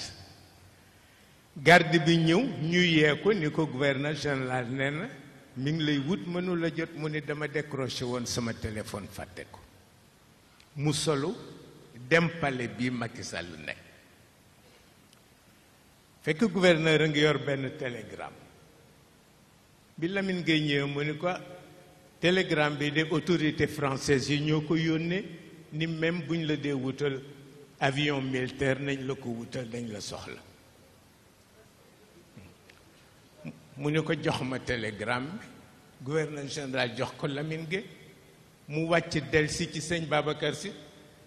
garde bi ñëw ñu yee ko ni ko gouverneur général nee na mi ngi lay wut mënula jot mu ni dama décroché woon sama téléphone fàtte ko mu solu dempale bi bii Macky Sall nekk fekk gouverneur a ngi yor benn télégramme bi Lamine Gueye ñëwee mu ni ko télégramme bi de autorité française yi ñoo ko yónnee ni même buñ la dee wutal avion militaire nañ la ko wutal dañ la soxla mu ni ko jox ma télégramme bi gouverneur général jox ko Lamine Gueye mu wàcc del ci sëñ Babacar si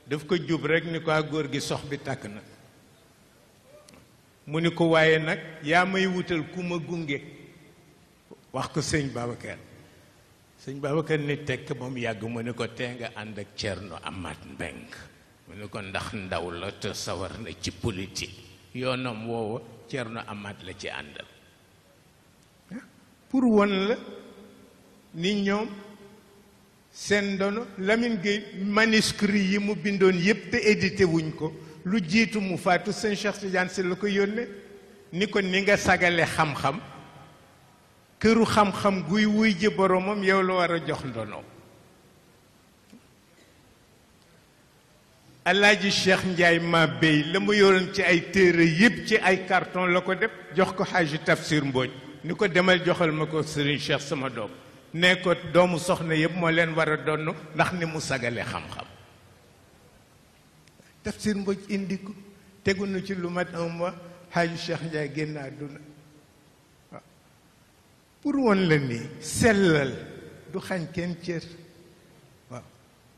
daf ko jub rek ni ko ah, góor gi sox bi tàkk na mu ni ko waaye nag yaa may wutal ku ma gunge wax ko sëñ Babacar sëñ Babacar ni tekk moom yàgg mu ne ko tee nga ànd ak Thierno Amath Mbengue mu ne ko ndax ndaw la te sawar na ci politique yoonam woowa Thierno Amath la ci àndal ah, pour won la ni ñoom seen ndono Lamine Gueye manuscrit yi mu bindoon yépp te édité ko lu jiitu mu faatu sëñ Cheikh la ko yónnee ni ko ni nga sagale xam-xam këru xam-xam guy wuy ji boromam yow la war a jox ndono alaaji Cheikh Njaay ma béy la mu yoroon ci ay téere yépp ci ay karton la ko def jox ko xaaji tafsir mbooj ni ko demal joxal ma ko sëriñ Cheikh sama doom ne ko doomu soxna yépp moo leen war a donn ndax ni mu sagale xam-xam tafsir mbooj indi tegu nu ci lu mat un mois xaaji Njaay génn àdduna pour won la ni selal du xagn ken cieur wa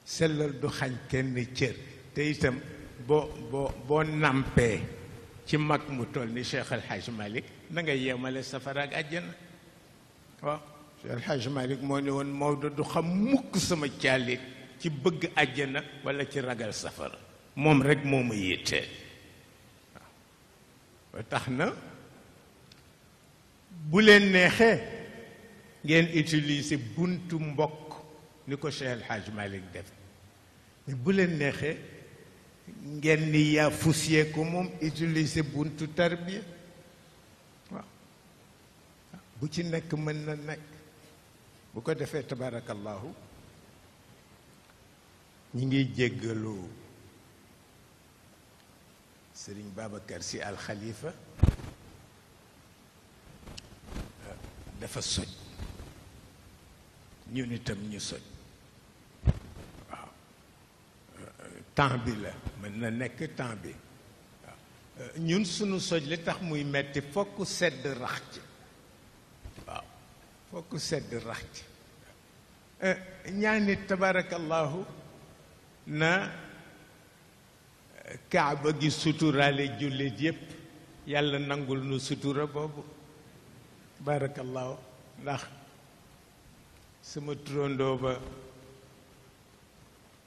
selal du xagn ken cieur te itam bo bo bo nampé ci mak mu toll ni Cheikh al hajj malik na nga yemale safara ak aljana wa Cheikh al hajj malik mo ni won mawdu du xam mukk sama caalit ci bëgg aljana wala ci ragal safara mom rek moma yété wa taxna bu len nexé ngeen utiliser buntu mbokk ni ko Cheikh El Hadj Malick def ni bu len nexé ngeen ni ya fousier ko mom utiliser buntu tarbiya waaw bu ci nek man na nek bu ko defee tabarakallahu ñi ngi jéggalu serigne Babacar Si Al Khalifa dafa soj ñun itam ñu soñ waaw temps bi la mën na nekk temps bi ñun sunu soj li tax muy metti fokk sedd rax ci waaw fokk sedd rax ci ñaanit tabarakallahu na kaaba gi suturaale jullit yépp yàlla nangul nu sutura boobu barakallahu ndax suma turandoo ba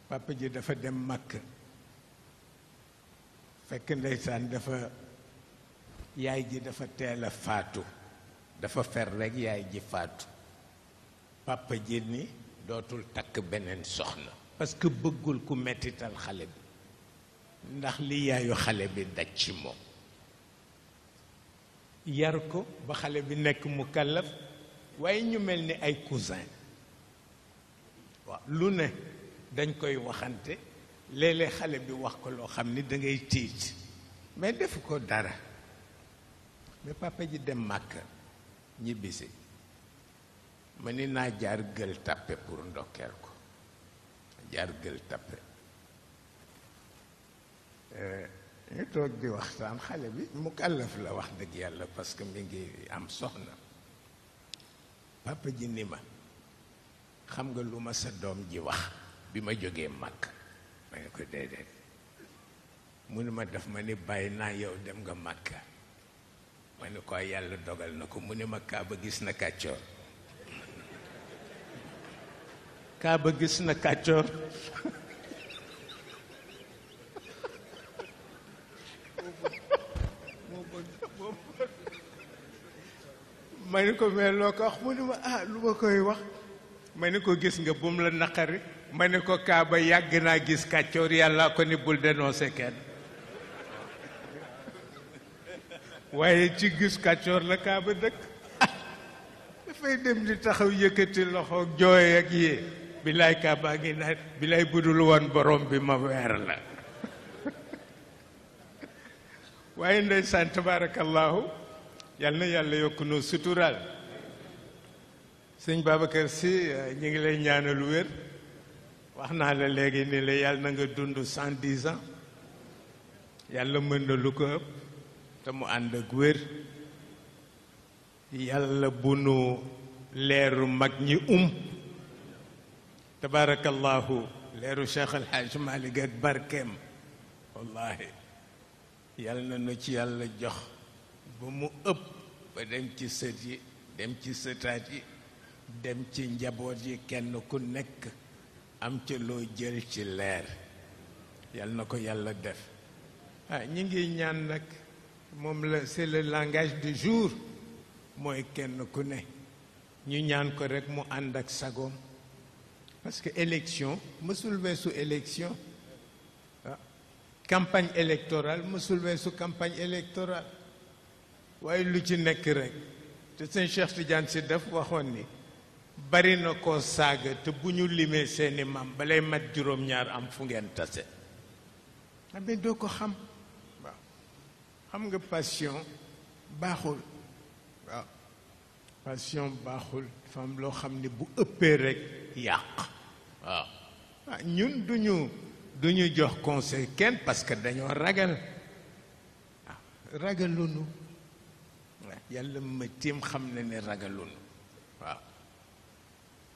papa ji dafa dem màkk fekk ndeysaan dafa yaay ji dafa teel a faatu dafa fer rekk yaay ji faatu papa ji ni dootul takk beneen soxna parce bëggul ku mettital xale bi ndax li yaayu xale bi daj ci moom yar ko ba xale bi nekk mu kàllaf waaye ñu mel ni ay cousin waaw lu ne dañ koy waxante léeg-léeg xale bi wax ko loo xam ni dangay ngay tiit mais defu ko dara mais papa ji dem màkk ñibbisi ma ni naa jaar gël tàppe pour ndokkeel ko jaar gël tàppe eh, ñu toog di waxtaan xale bi mu kàllaf la wax dëgg yàlla parce que mi ngi am soxna papa ji ni ma xam nga lu ma sa doom ji wax bi ma jógee màkk ma ne ko déedéet mu ne ma daf ma ni bàyyi naa yow dem nga màkk ma ne ko yàlla dogal na ko mu ne ma gis na kàccoor kaaba gis na kàccoor ma ne ko mais loo ko wax mu ne ma ah lu ma koy wax ma ne ko gis nga bu mu la naqari ma ne ko kaaba yàgg naa gis kàccoor yàlla ko ni bul dénoncé kenn waaye ci gis kàccoor la kaaba dëkk dafay dem di taxaw yëkkati loxo jooy ak yee bilaay kaaba ngi naan bilaay budul woon borom bi ma weer la waaye ndeysaan tabaarakallaahu yal yàlla yokk noo suturaal sëñ Babacar si eh, ñu ngi lay ñaanal lu wér wax naa la léegi ni la yàlla na nga dund cent dix yàlla mën na lu ko ëpp te mu ànd ak wér yàlla bu nu leeru mag ñi um tabaarakallaahu leeru Cheikh El Hadj Malick ak barkeem wallaahi yàlla na ci yàlla jox ba mu ëpp ba dem ci sët yi dem ci sëtaat yi dem ci njaboot yi kenn ku nekk am ci loo jël ci leer yal na ko yàlla def ah ñi ngi ñaan nag moom la c'est le langage du jour mooy kenn ku ne ñu ñaan ko rek mu ànd ak sagoom parce que élection mësul weesu élection ah, campagne électorale mësul weesu campagne électorale waaye lu ci nekk rek te sëñ Cheikh Tidiane si def waxoon ni barino ko saga te buñu limé limee seeni balay mat juróom-ñaar am fu ngeen tase ah, mais do ko xam waaw xam nga passion baxul waaw passion baxul fam lo loo bu uppé rek yaq waaw ah, ñun duñu duñu jox conseil kenn parce que dañoo ragal waaw ah, ragalunu yàlla ma tiim xam na ne ragalunu waaw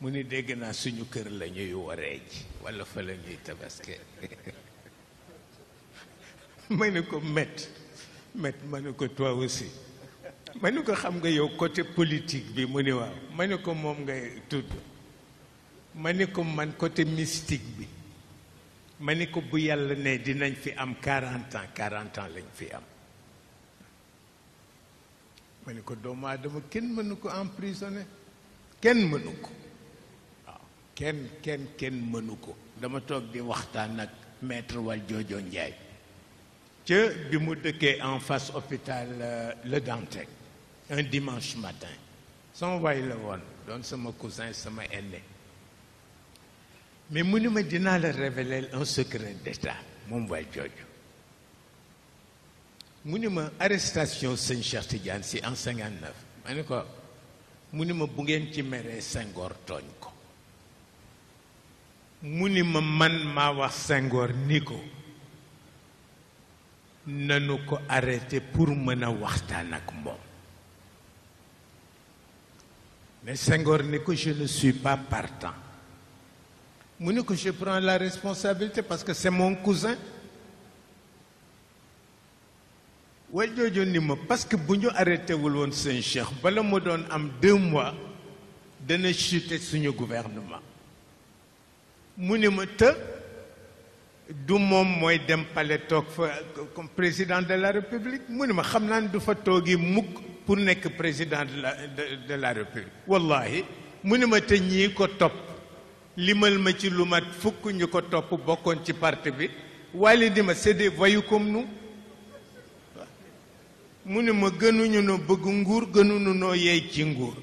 mu ni dégg naa suñu kër la ñuy waree wala fa la ñuy tabaske ma ne ko met met ma ne ko toi aussi ma ne ko xam nga yow côté politique bi mu ni waaw ma ne ko moom ngay tudd ma ne ko man côté mystique bi ma ne ko bu yàlla ne dinañ fi am 40 ans 40 ans lañ fi am ma ne ko doomu aadama kenn mënu ko emprisonné kenn mënu ko ken ken ken mënu dama tok di waxtaan ak maître waljojo ndjay ci bi mu dëkkee en face hôpital euh, Le dante, un dimanche matin son waay le won don sama cousin sama aîné mais mu ni la révéler un secret d'État moom waljojo mu arrestation seigne Cheikh Tidiane si en 59 ma ne ko mu bu ngeen ci meree sangor togn ko mu ni ma man maa wax Senghor ni ko nanu ko arrêté pour mën a waxtaan ak moom mais Senghor ni je ne suis pas partant mu ni ko je prends la responsabilité parce que c'est mon cousin wal jooju ni ma parce que bu ñu arrêté wul woon seen Cheikh bala mu doon am deux mois dana chuter suñu gouvernement mu ne ma të du moom mooy dem palais toog fa président de la république mu ne ma xam naa ne du fa toogi mukk pour nekk président de la de la république wallahi mu ne ma te ñii ko topp limal ma ci lu mat fukk ñu ko topp bokkoon ci parti bi waaye di ma c'est des voyous comme mu ne ma gënuñu noo bëgg nguur gënuñu noo yeey ci nguur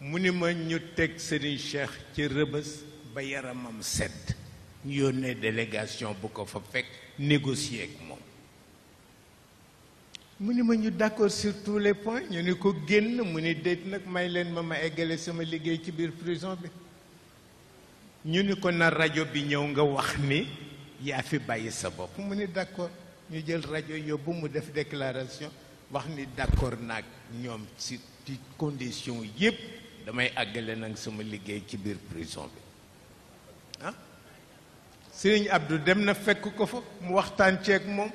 mu ni ma ñu teg Serigne Cheikh ci rëbës ba yaramam sedd ñu délégation bu ko fa fekk négocier ak moom mu ni ma ñu d'accord sur tous les points ñu ni ko génn mu ni déet nag may leen ma ma eggale sama liggéey ci biir prison bi ñu ni ko na rajo bi ñëw nga wax ni yaa fi bàyyi sa bopp mu d'accord ñu jël rajo yóbbu mu def déclaration wax ni d'accord naag ñoom ci ci condition yépp damay àggale nag sama liggéey ci biir prison bi Serigne Abdou dem na fekk ko fa mu waxtaan ak moom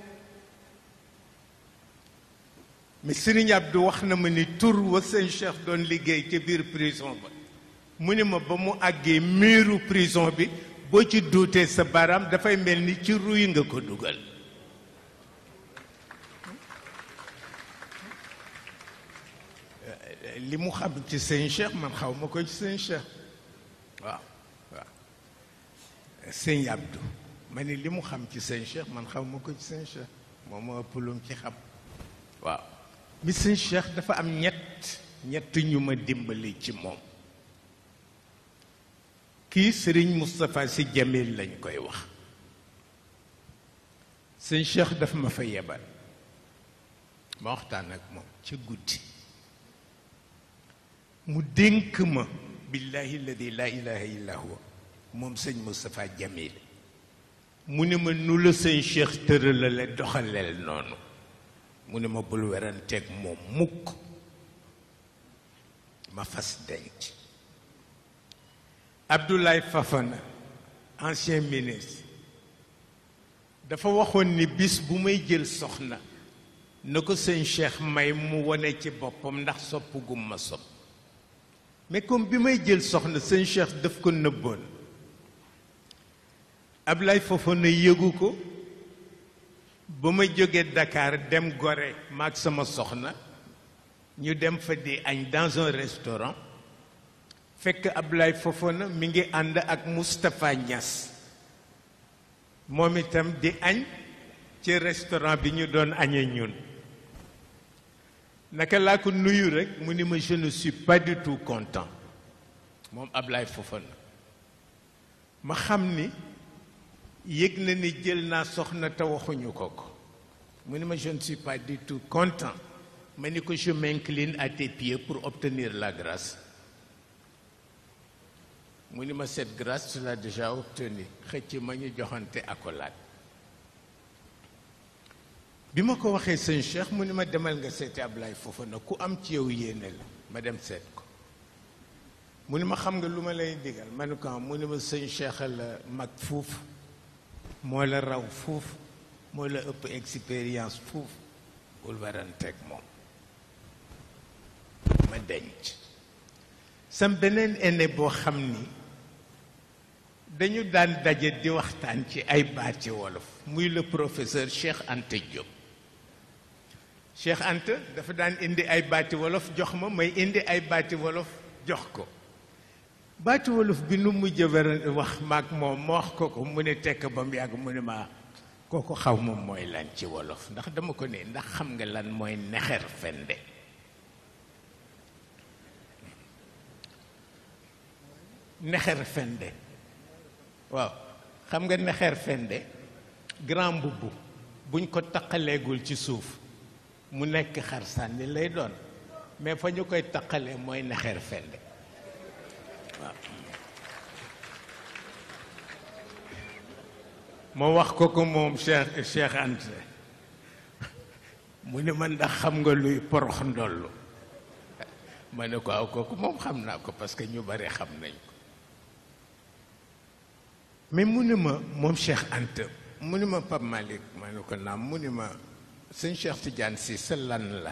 mais Serigne Abdou wax na ma ni tur wa seen cheikh doon liggéey ci biir prison ba mu ni ma ba mu àggee miiru prison bi boo ci duutee sa baram dafay mel ni ci ruy nga ko dugal euh, li mu xam ci seen cheikh man xaw ma ko ci seen cheikh سين يبدو من اللي مو خم كي سين شيخ من خم مو كي سين شيخ ما ما بقولهم كي خم واو مي سين شيخ دفع أم نيت نيت تنيو ما ديم بلي كي كي سرين مصطفى سي جميل لن كوي وخ سين شيخ دفع ما في يبال ما اختانك مو كي قد مدينك ما بالله الذي لا إله إلا هو moom sëñ Moustapha Jamil mu ne ma nu la Cheikh tëralale ne mukk Abdoulaye Fafana ancien ministre dafa waxoon ni bis bu may jël soxna na ko sëñ Cheikh may mu ci boppam ndax ma sopp mais comme bi may jël soxna sëñ Cheikh ko Ablaye Fofana yëgu ko bama joge Dakar dem goré mak sama soxna ñu dem fa di dans un restaurant fekk Ablaye Fofana mi ngi and ak Moustapha Niass moom di añ ci restaurant bi ñu doon agné ñun naka la ko nuyu rek mu ma je ne suis pas du tout content mom Ablaye Fofana ma xam yëg ni jël naa soxna te waxuñu ko ko mu ni ma je ne suis pas du tout content ma ni ko je m'incline à tes pieds pour obtenir la grâce mu ni ma cette grâce tu l'as déjà obtenue xëcc ma ñu joxante accolade bi ma ko waxee sëñ Cheikh mu ni ma demal nga seeti Ablaye na ku am ci yow yéene la ma dem seet ko mu ni ma xam nga lu ma lay digal ma ni ko mu ni ma sëñ Cheikh la mag fuuf moo la raw fuuf moo la ëpp expérience fuuf bul waranteeg moom ma denc sam beneen aîné boo xam ni dañu daan daje di waxtaan ci ay baati wolof muy la professeur Cheikh Anta Diop Cheikh Anta dafa daan indi ay baati wolof jox ma may indi ay baati wolof jox ko baatu wolof bi nu mujj wér wax maag moom ma wax ko ko mu ne tekk ba mu yàgg mu ne ma kooku xaw moom mooy lan ci wolof ndax dama ko ne ndax xam nga lan mooy nexer fende nexer fende waaw xam nga nexer fende grand mbubb buñ ko taqaleegul ci suuf mu nekk xar sànni lay doon mais fa ñu koy taqalee mooy nexer fende ma wax ko ko moom Cheikh Cheikh Anta mu ne ma ndax xam nga luy porox ndollu ma ne ko aw kooku moom xam naa ko parce que ñu bare xam nañ ko mais mu ne ma moom Cheikh Anta mu ne ma Pape Malick ma ne ko naam mu ne ma sëñ Cheikh Tidiane si sa lan la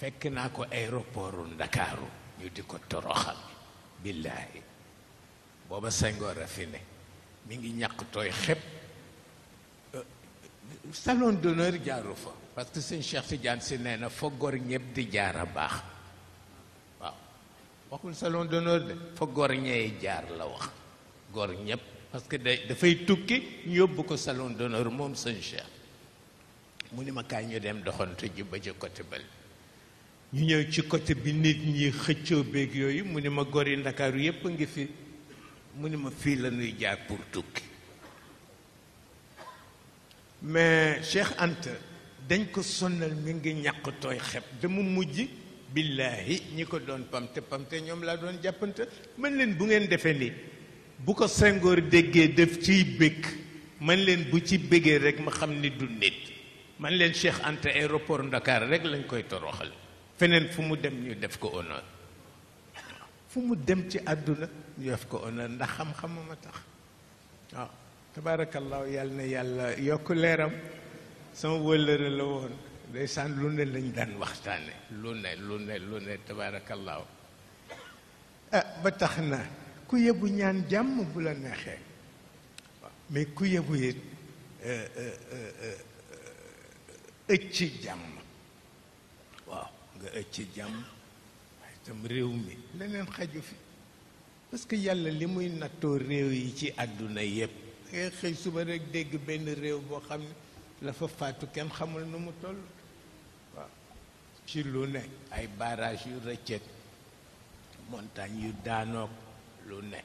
fekk naa ko aéroportu ndakaaru ñu di ko toroxal billaahi booba Senghor a fi ne mi ngi ñàkk tooy xepp euh, salon d'honneur jaaru fa parce que sëñ Cheikh Tidiane si nee na fa gor ñëpp di jaar a baax waaw waxul salon d'honneur de fa gor ñee jaar la wax gor ñëpp parce que dafay tukki ñu yóbbu ko salon d'honneur moom sëñ Cheikh mu ni ma kaay ñu dem doxantu ji ba ca côté bale ñu ñëw ci côté bi nit ñi xëccoo beeg yooyu mu ni ma gori ndakaaru yépp a ngi fi mu ni ma fii la ñuy jaar pour tukki mais Cheikh Anta dañ ko sonnal mu ngi ñàq tooy xeb dama mujj billaahi ñi ko doon pamte pamte ñoom laa doon jàppante man leen bu ngeen defee ni bu ko sengoor déggee def ciy bëgg man leen bu ci bëggee rek ma xam ni du nit man leen Cheikh Anta aéroport Ndakaar rek lañ koy toroxal feneen fu mu dem ñu def ko honneur fu mu dem ci àdduna ñu def ko honneur ndax xam-xamam a tax waaw tabaarakallaahu yàlla na yàlla yokk leeram sama wëllëre la woon ndeysaan lu ne lañ daan waxtaane lu ne lu ne lu ne tabaarakallaahu ah ba tax na ku yebu ñaan jàmm bu la neexee mais ku yebu it euh, euh, euh, ëcc jàmm nga ëcc jàmm waaye itam réew mi leneen xaju fi parce que yàlla li muy nattoo réew yi ci àdduna yépp ngay xëy suba rek dégg benn réew boo xam ne la fa faatu kenn xamul nu mu toll waaw ci lu ne ay barrage yu rëccëg montagne yu daanoog lu ne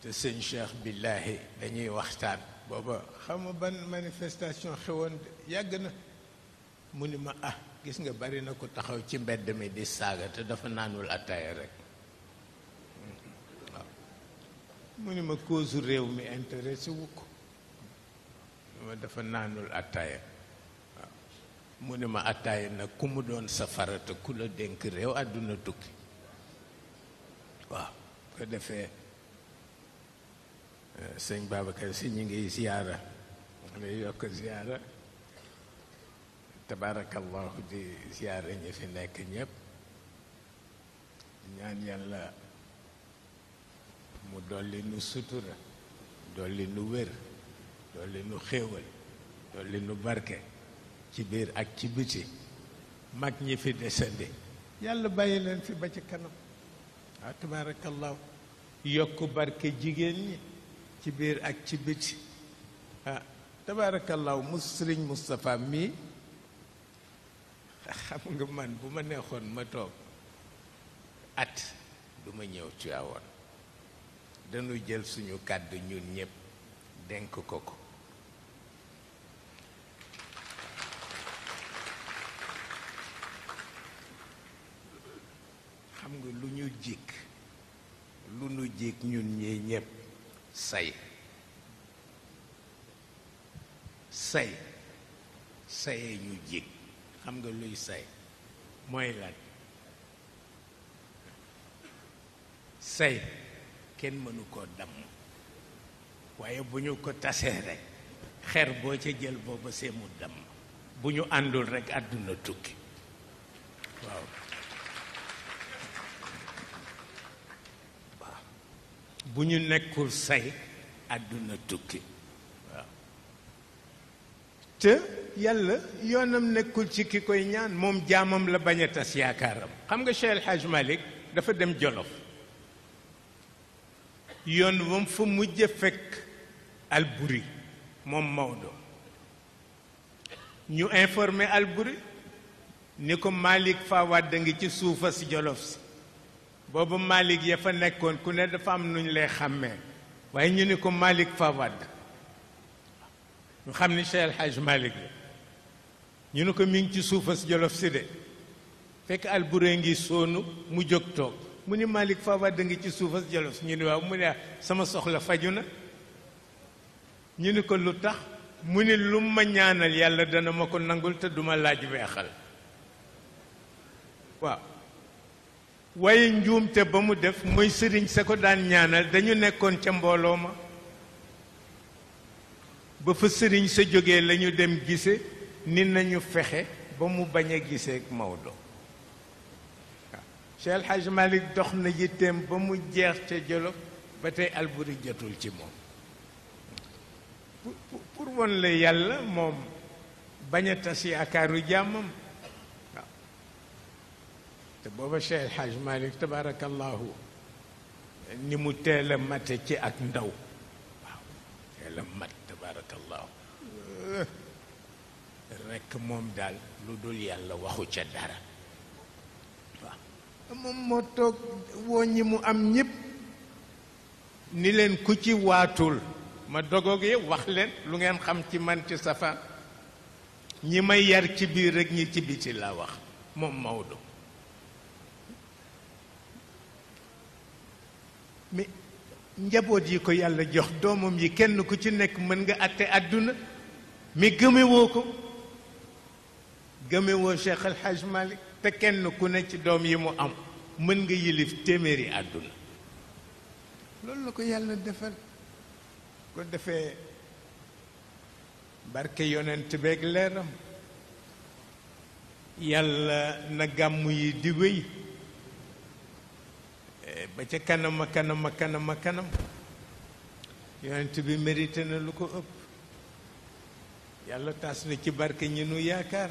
te sëñ Cheikh billahi dañuy waxtaan booba xam nga ban manifestation xewoon yàgg na mu ni ma ah gis nga bari na ko taxaw ci mbedd mi di saaga te dafa naanul attaaya rek waaw mu ni ma cause réew mi intéressé wu ko ma dafa naanul attaaya waaw mu ni ma attaaya nag ku mu doon safarata ku la dénk réew àdduna tukki waaw ko defee eh, sëñ Babacar si ñu ngi ziyaara lay yokk ziyaara tabaarakallahu di ziyaare ñi fi nekk ñépp ñaan yàlla mu dolli nu sutura dolli nu wér dolli nu xéewal dolli nu barke ci biir ak ci biti mag ñi fi desandi yàlla bàyyi leen fi ba ci kanam waaw ah, tabaarakallahu yokk barke jigéen ñi ci biir ak ci biti ah tabaarakallahu mu sëriñ mii xam nga man bu ma neexoon ma toog at du ma ñëw Tiwaawoon dañu jël suñu kàddu ñun ñëpp dénk ko ko xam nga lu ñu jik lu ñu jik ñun ñee ñëpp say say saye ñu jik xam nga luy say mooy lan say kenn mënu koo damm waaye bu ñu ko tasee rekk xer boo ca jël booba see mu damm bu ñu àndul rekk àdduna tukki waaw bu ñu nekkul say àdduna tukki te yàlla yoonam nekkul ci ki koy ñaan moom jaamam la bañ a tas yaakaaram xam nga Cheikh El malik dafa dem Jolof yoon wam fa mujj fekk Alburi moom Maodo ñu informé Alburi ni ko Malick Fawade ngi ci suufa si Jolof si boobu Malick ya fa nekkoon ku ne dafa am nuñ lay xàmmee waaye ñu ni ko Malick Fawade ñu xam ni Cheikh El Hadj Malick la ñu ne ko mi ngi ci suufas jolof si de fekk alburé ngi soonu mu jóg toog mu ni Malick Fava da nga ci suufas jolof ñu ni waaw mu ne sama soxla faju na ñu ni ko lu tax mu ni lu ma ñaanal yàlla dana ma ko nangul te duma laaj weexal waaw waaye njuumte ba mu def mooy sëriñ sa ko daan ñaanal dañu nekkoon ca mbooloo ma ba fa serigne sa joge lañu dem gise ni nañu fexe ba mu baña a ak mawdo Cheikh alhaj malik doxna yitem ba mu jeex ci Jolof batay Alburi jotul ci mom pour won le yàlla mom baña tassi akaru yaakaaru te boba Cheikh alhaj malik tabarakallah ni mu tele mate ci ak ndaw waaw tele a mat rekk moom daal lu dul yàlla waxu ca dara waaw moom moo toog woo ñi mu am ñépp ni leen ku ci waatul ma dogoog yëpp wax leen lu ngeen xam ci man ci safaan ñi may yar ci biir rekk ñi ci biti laa wax moom Maodo mais njaboot yi ko yàlla jox doomam yi kenn ku ci nekk mën nga àtte àdduna mais gëmewoo ko gëme woo Cheikh El Hadj Malick te kenn ku ne ci doom yi mu am mën nga yilif téméri aduna loolu la ko yàlla defal ko defé barke yonent bek leeram yàlla na gam yi di wéy ba ca kanama kanam kanama kanam yonent bi mérité na lu ko ëpp yàlla tass na ci barke ñi nu yaakaar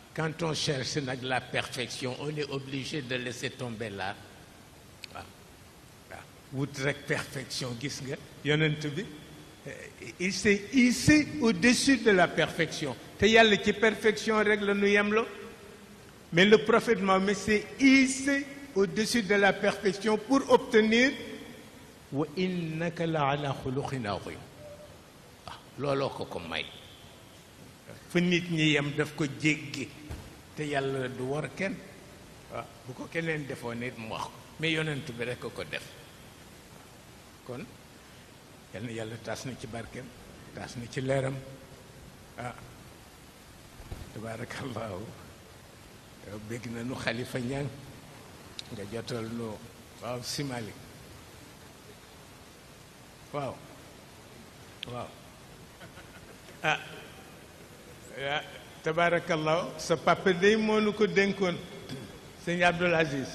quand on cherche la perfection on est obligé de laisser tomber là. Vous waaw wut la perfection gis nga yonent bi eh, il s'est hissé au-dessus de la perfection te yàlla ci perfection rekk la de yemloo mais le prophète Mahomet s'est hissé au-dessus de la perfection pour obtenir wa innaka la ala xuluqin azim waaw ko ko may fu nit ñi yem daf ko jéggi te yàlla du war kenn waaw ah. bu ko keneen defoon nit mu wax ko mais bi rekk ko def kon yal yàlla taas na ci barkeem taas na ci leeram ah tabaarakallaahu bégg na nu xalifa ñaan nga jotal nu waaw simali waaw waaw ah تبارك الله سبب دي نكو دينكون سيدي عبد العزيز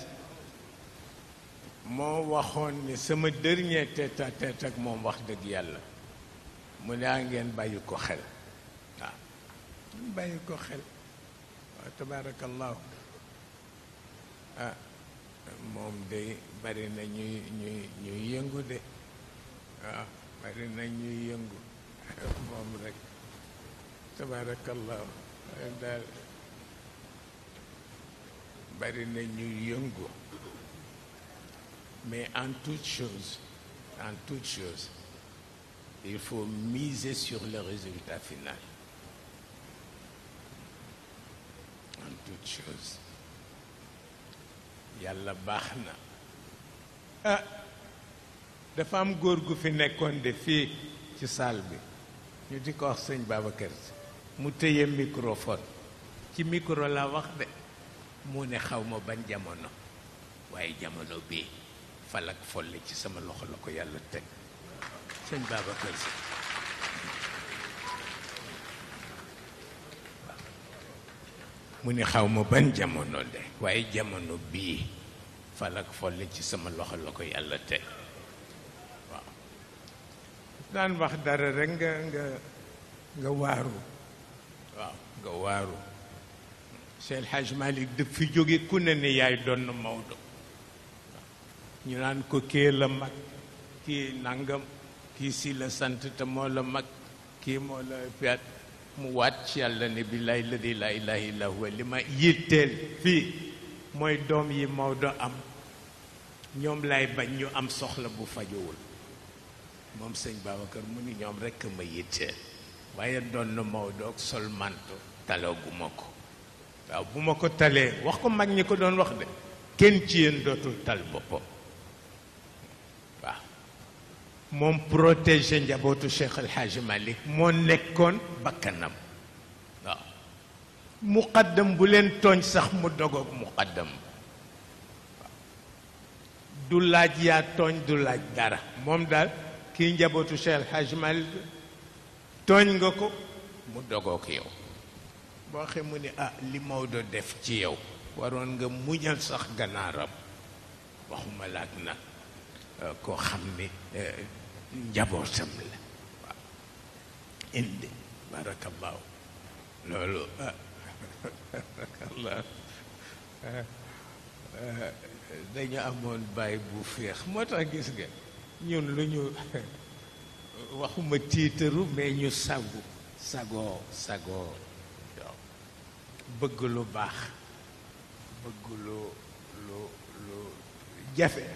مو واخون ني سما تتا تيتا تيتا اك موم واخ مو لا نين بايو كو خيل بايو كو تبارك الله ا موم دي بري نا ني ني ني دي ا نيو نا ني ييغو تبارك الله daal bari na ñuy yëngu mais en toute chose en toute chose il faut miser sur le résultat final en toute chose yàlla baax na ah dafa am góor gu fi nekkoon de fii ci salle bi ñu di ko wax sëñ Babacar Si mu téye microphone ci micro la wax de mu ne xaw ma ba jamono waaye jamono bii fal ak folle ci sama loxo la ko yàlla teg sëñ ne xaw ma ban jamono waaye jamono bii fal ak ci sama loxo la ko yàlla teg daan wax dara rek nga nga waaru waaw nga waaru Seex El Hadj fi jóge ku ne ni yaay doon Maodo ñu naan ko kee la mag kii nangam kii si la sant te moo la mag kii moo la fiat mu waat yàlla ne bi lay la di laa ilaha illa yitteel fii mooy doom yi Maodo am ñoom lay bañ ñu am soxla bu fajowul moom sëñ Babacar mu ni ñoom rekk ma yitteel waaye doon na Maodo ak sol manto talooguma ko waaw bu ma ko talee wax ko mag ñi ko doon wax de kenn ci yéen dootul tal boppam waaw moom protéger njabootu Cheikh El Hadj moo nekkoon bakkanam waaw muqaddam bu leen tooñ sax mu dogoog muqaddam du laaj yaa tooñ du laaj dara moom daal kii njabootu Cheikh El Hadj tooñ nga ko mu dogook yow boo waxee ne ah li Maodo def ci yow waroon nga muñal sax gannaaram waxuma laat nag euh, koo xam ni euh, njabootam la waaw indi barakallahu loolu euh, dañu amoon bàyyi bu féex moo tax gis nga ñun lu ñu waxuma tiitaru mais ñu sagu sagoo sagoo bëgg lu baax bëgg lu lu lu jafe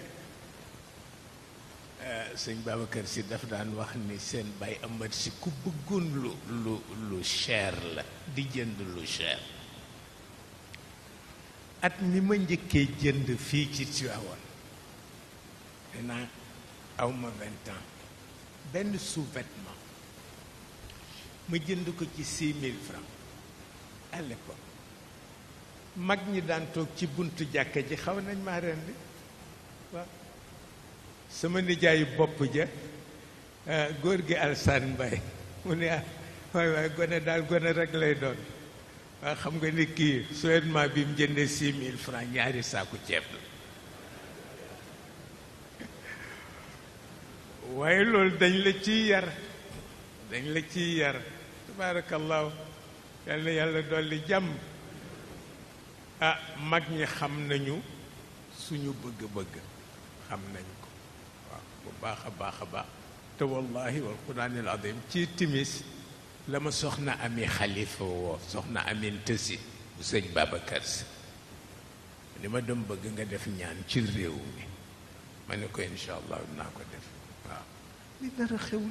euh, sëñ Babacar si dafa daan wax ni seen bay amat si ku bëggoon lu lu lu la di jënd lu cher at mi ma njëkkee jënd fii ci Tivaouane dinaa awma vingt ans benn sous ma jënd ko ci six mille francs à l'époque mag ñi daan toog ci buntu jàkka ji xaw nañ maa rendi sama nijaayu bopp ja ah, góor gi Alsaan Mbay mu ne ah waay waay gone daal gone rek lay doon waaw xam nga ni kii sous bi mu jëndee six mille francs ñaari saaku ceeb la waaye loolu dañ la ciy yar dañ la ciy yar tabaarakallaahu yal yàlla dolli jàmm ah mag ñi xam nañu suñu bëgg-bëgg xam nañu ko waaw bu baax a baax a baax te wallahi wal quraanil azim ci timis la ma soxna ami xalifa woo soxna amin tësi bu sëñ Babacar Si li ma dem bëgg nga def ñaan ci réew mi ma ne ko incha allah ko li dara xewul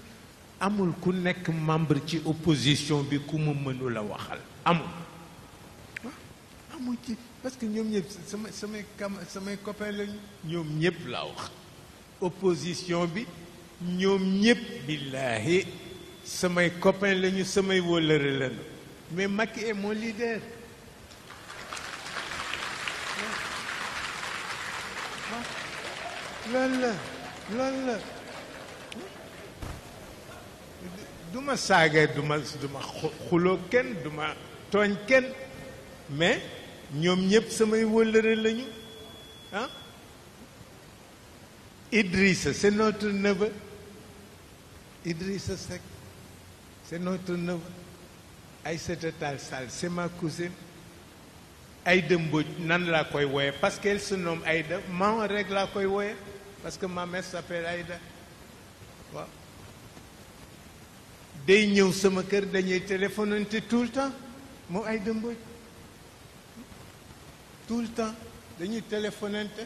amul ku membre ci opposition bi ku mu mënul la waxal amul amul ci parce que ñom ñëpp sama samay samay copain lañ ñom ñëpp la wax opposition bi ñom ñëpp billahi samay copain lañu samay wóllëre lañu mais Macky est mon leader loolu la duma ma duma duma ma du ma xuloo kenn mais ñom ñep samay wëllëre lañu ah Idrissa c'est notre neveu Idrissa Seck c'est notre neveu Aïssata Tal Sall c'est ma cousine Aïda Mbodj nan la koy woyé parce qu'elle se nomme Aïda maman règle la koy woyé parce que ma mère s'appelle Aïda day ñëw sama kër dañuy téléphonante tout le temps moom ay dëmboj tout le temps dañuy téléphonante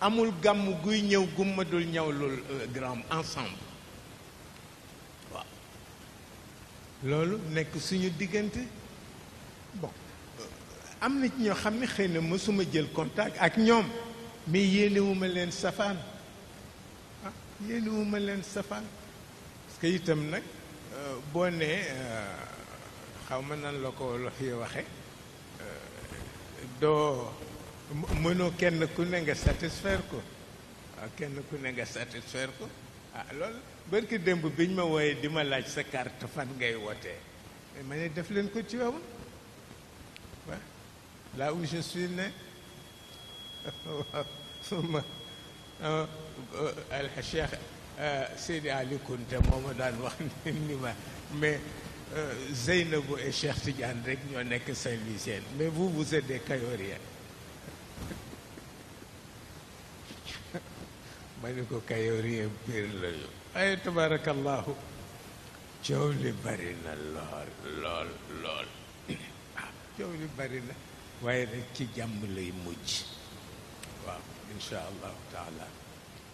amul gàmm guy ñëw gummadul ñëw loolu euh, grand ensemble waaw loolu nekk suñu diggante bon am na ci ñoo xam ne xëy na mësuma jël contact ak ñoom mais yéenewuma leen safaan ah leen safaan parce itam nag boo nee xaw ma nan la ko wolof yi waxe doo mënoo kenn ku ne nga satisfaire ko waaw kenn ku ne nga satisfaire ko ah loolu barki démb biñ ma wooyee di ma laaj sa carte fan ngay wootee ma ne def leen ko ci waawul là où je suis né waaw suma alxacheikh Eh, Seydi Ali Kunte mooma daan wax ni ma mais eh, Zeynabou et Cheikh Tidiane rek ñoo nekk Saint-Louisienne mais vous vous êtes des Kayoriens ma ko Kayorien biir la yu ay tabarakallahu coow li bari na lool lool lool ah, coow li bari na waaye rek ci jàmm lay mujj waaw insha taala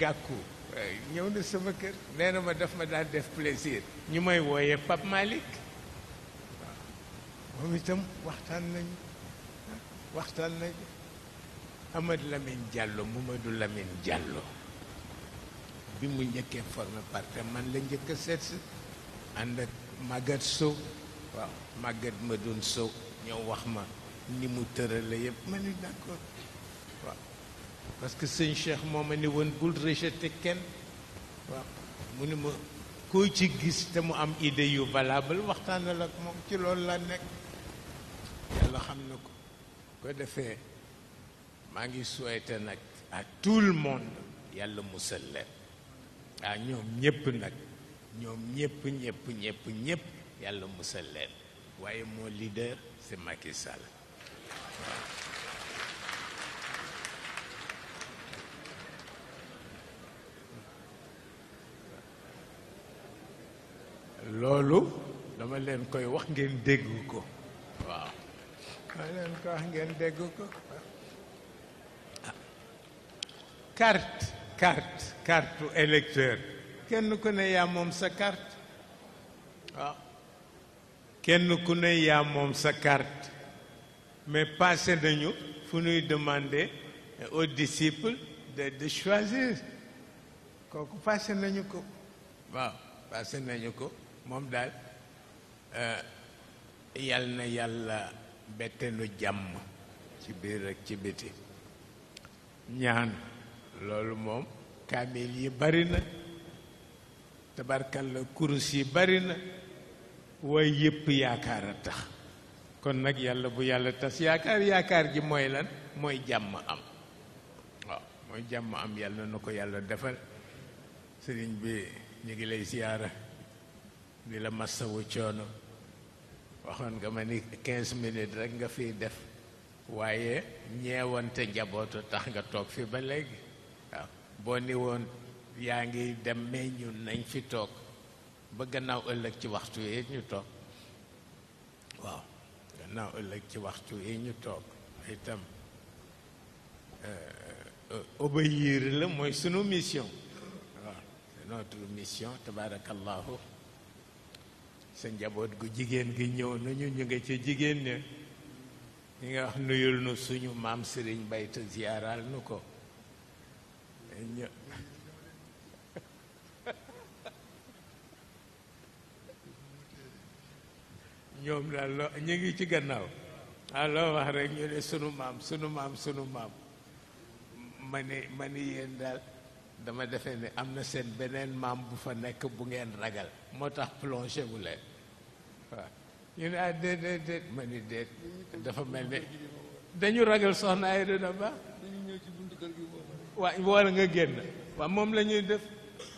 gàkku ñëw na sama kër nee na ma daf ma daan def plaisir ñu may wooye Pape Malick waaw itam waxtaan nañu waxtaan nañu Amad Lamine Diallo Mamadou Lamine jàlloo bi mu njëkkee formé parti man la njëkk a seet ànd ak Maguette Sow waaw Maguette Madoune Sow ñëw wax ma ni mu tërale yëpp ma ni d'accord parce que sëñ Cheikh moo ma ne woon bul rejeté kenn waaw mu ne ma koo ci gis te mu am idée yu valable waxtaanal ak moom ci loolu la nekk yàlla xam na ko ko defee maa ngi souhaité nag à tout le monde yàlla musal leen ah ñoom ñépp nag ñoom ñépp ñépp ñépp ñépp yàlla musal leen waaye moo leader c'est Macky Sall loolu dama len koy wax ngeen dégg ko waaw len leen koy wax ngeen dégg ko carte carte carte électeur kenn ku ne yaa moom sa carte waaw kenn ku ne yaa moom sa carte mais passé nañu fu ñuy demander aux disciples de de choisir kooku passé nañu ko waaw passé nañu ko moom daal eh, yal na yàlla bette nu jàmm ci biir ak ci biti ñaan loolu moom kaamil yi bari na la kurus yi bari na waaye yépp yaakaar a tax kon nag yàlla bu yàlla tas yaakaar yaakaar ji mooy lan mooy jàmm am waaw mooy jàmm am yàlla na ko yàlla defal sëriñ bi ñu ngi lay siyaara di la massawu coono waxoon nga ma ni quinze minutes rek nga fiy def waaye ñeewante njabootu tax nga toog fi ba léegi waaw boo ni woon yaa ngi dem mais nañ fi toog ba gannaaw ëllëg ci waxtu yi ñu toog waaw gannaaw ëllëg ci waxtu yi ñu toog itam euh, euh, obéir la mooy sunu mission waaw notre mission tabarakallahu sa njaboot gu jigéen gi ñëw nañu ñu nga ca jigéen ña ñi nga wax nuyul nu suñu maam sëriñ bay te ziyaaral nu ko ñoom daal loo ñu ngi ci gannaaw ah loo wax rek ñu ne sunu maam sunu maam sunu maam ma ne ma ne yéen daal dama defe ni am na seen beneen maam bu fa nekk bu ngeen ragal moo tax plongé wu leen waaw ñu ne ah déet déet déet ma ni déet dafa mel ni dañu ragal soxna ay dina ba waaw wala nga génn waaw moom la def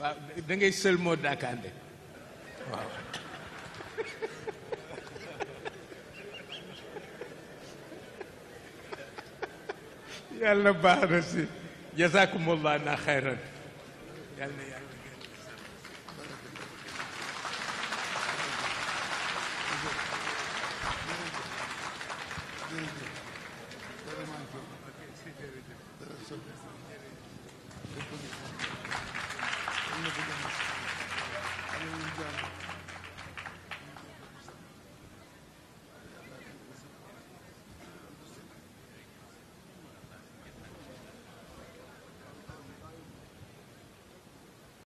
waaw da ngay sël moo daakaande waaw جزاكم الله أنا خيرا يعني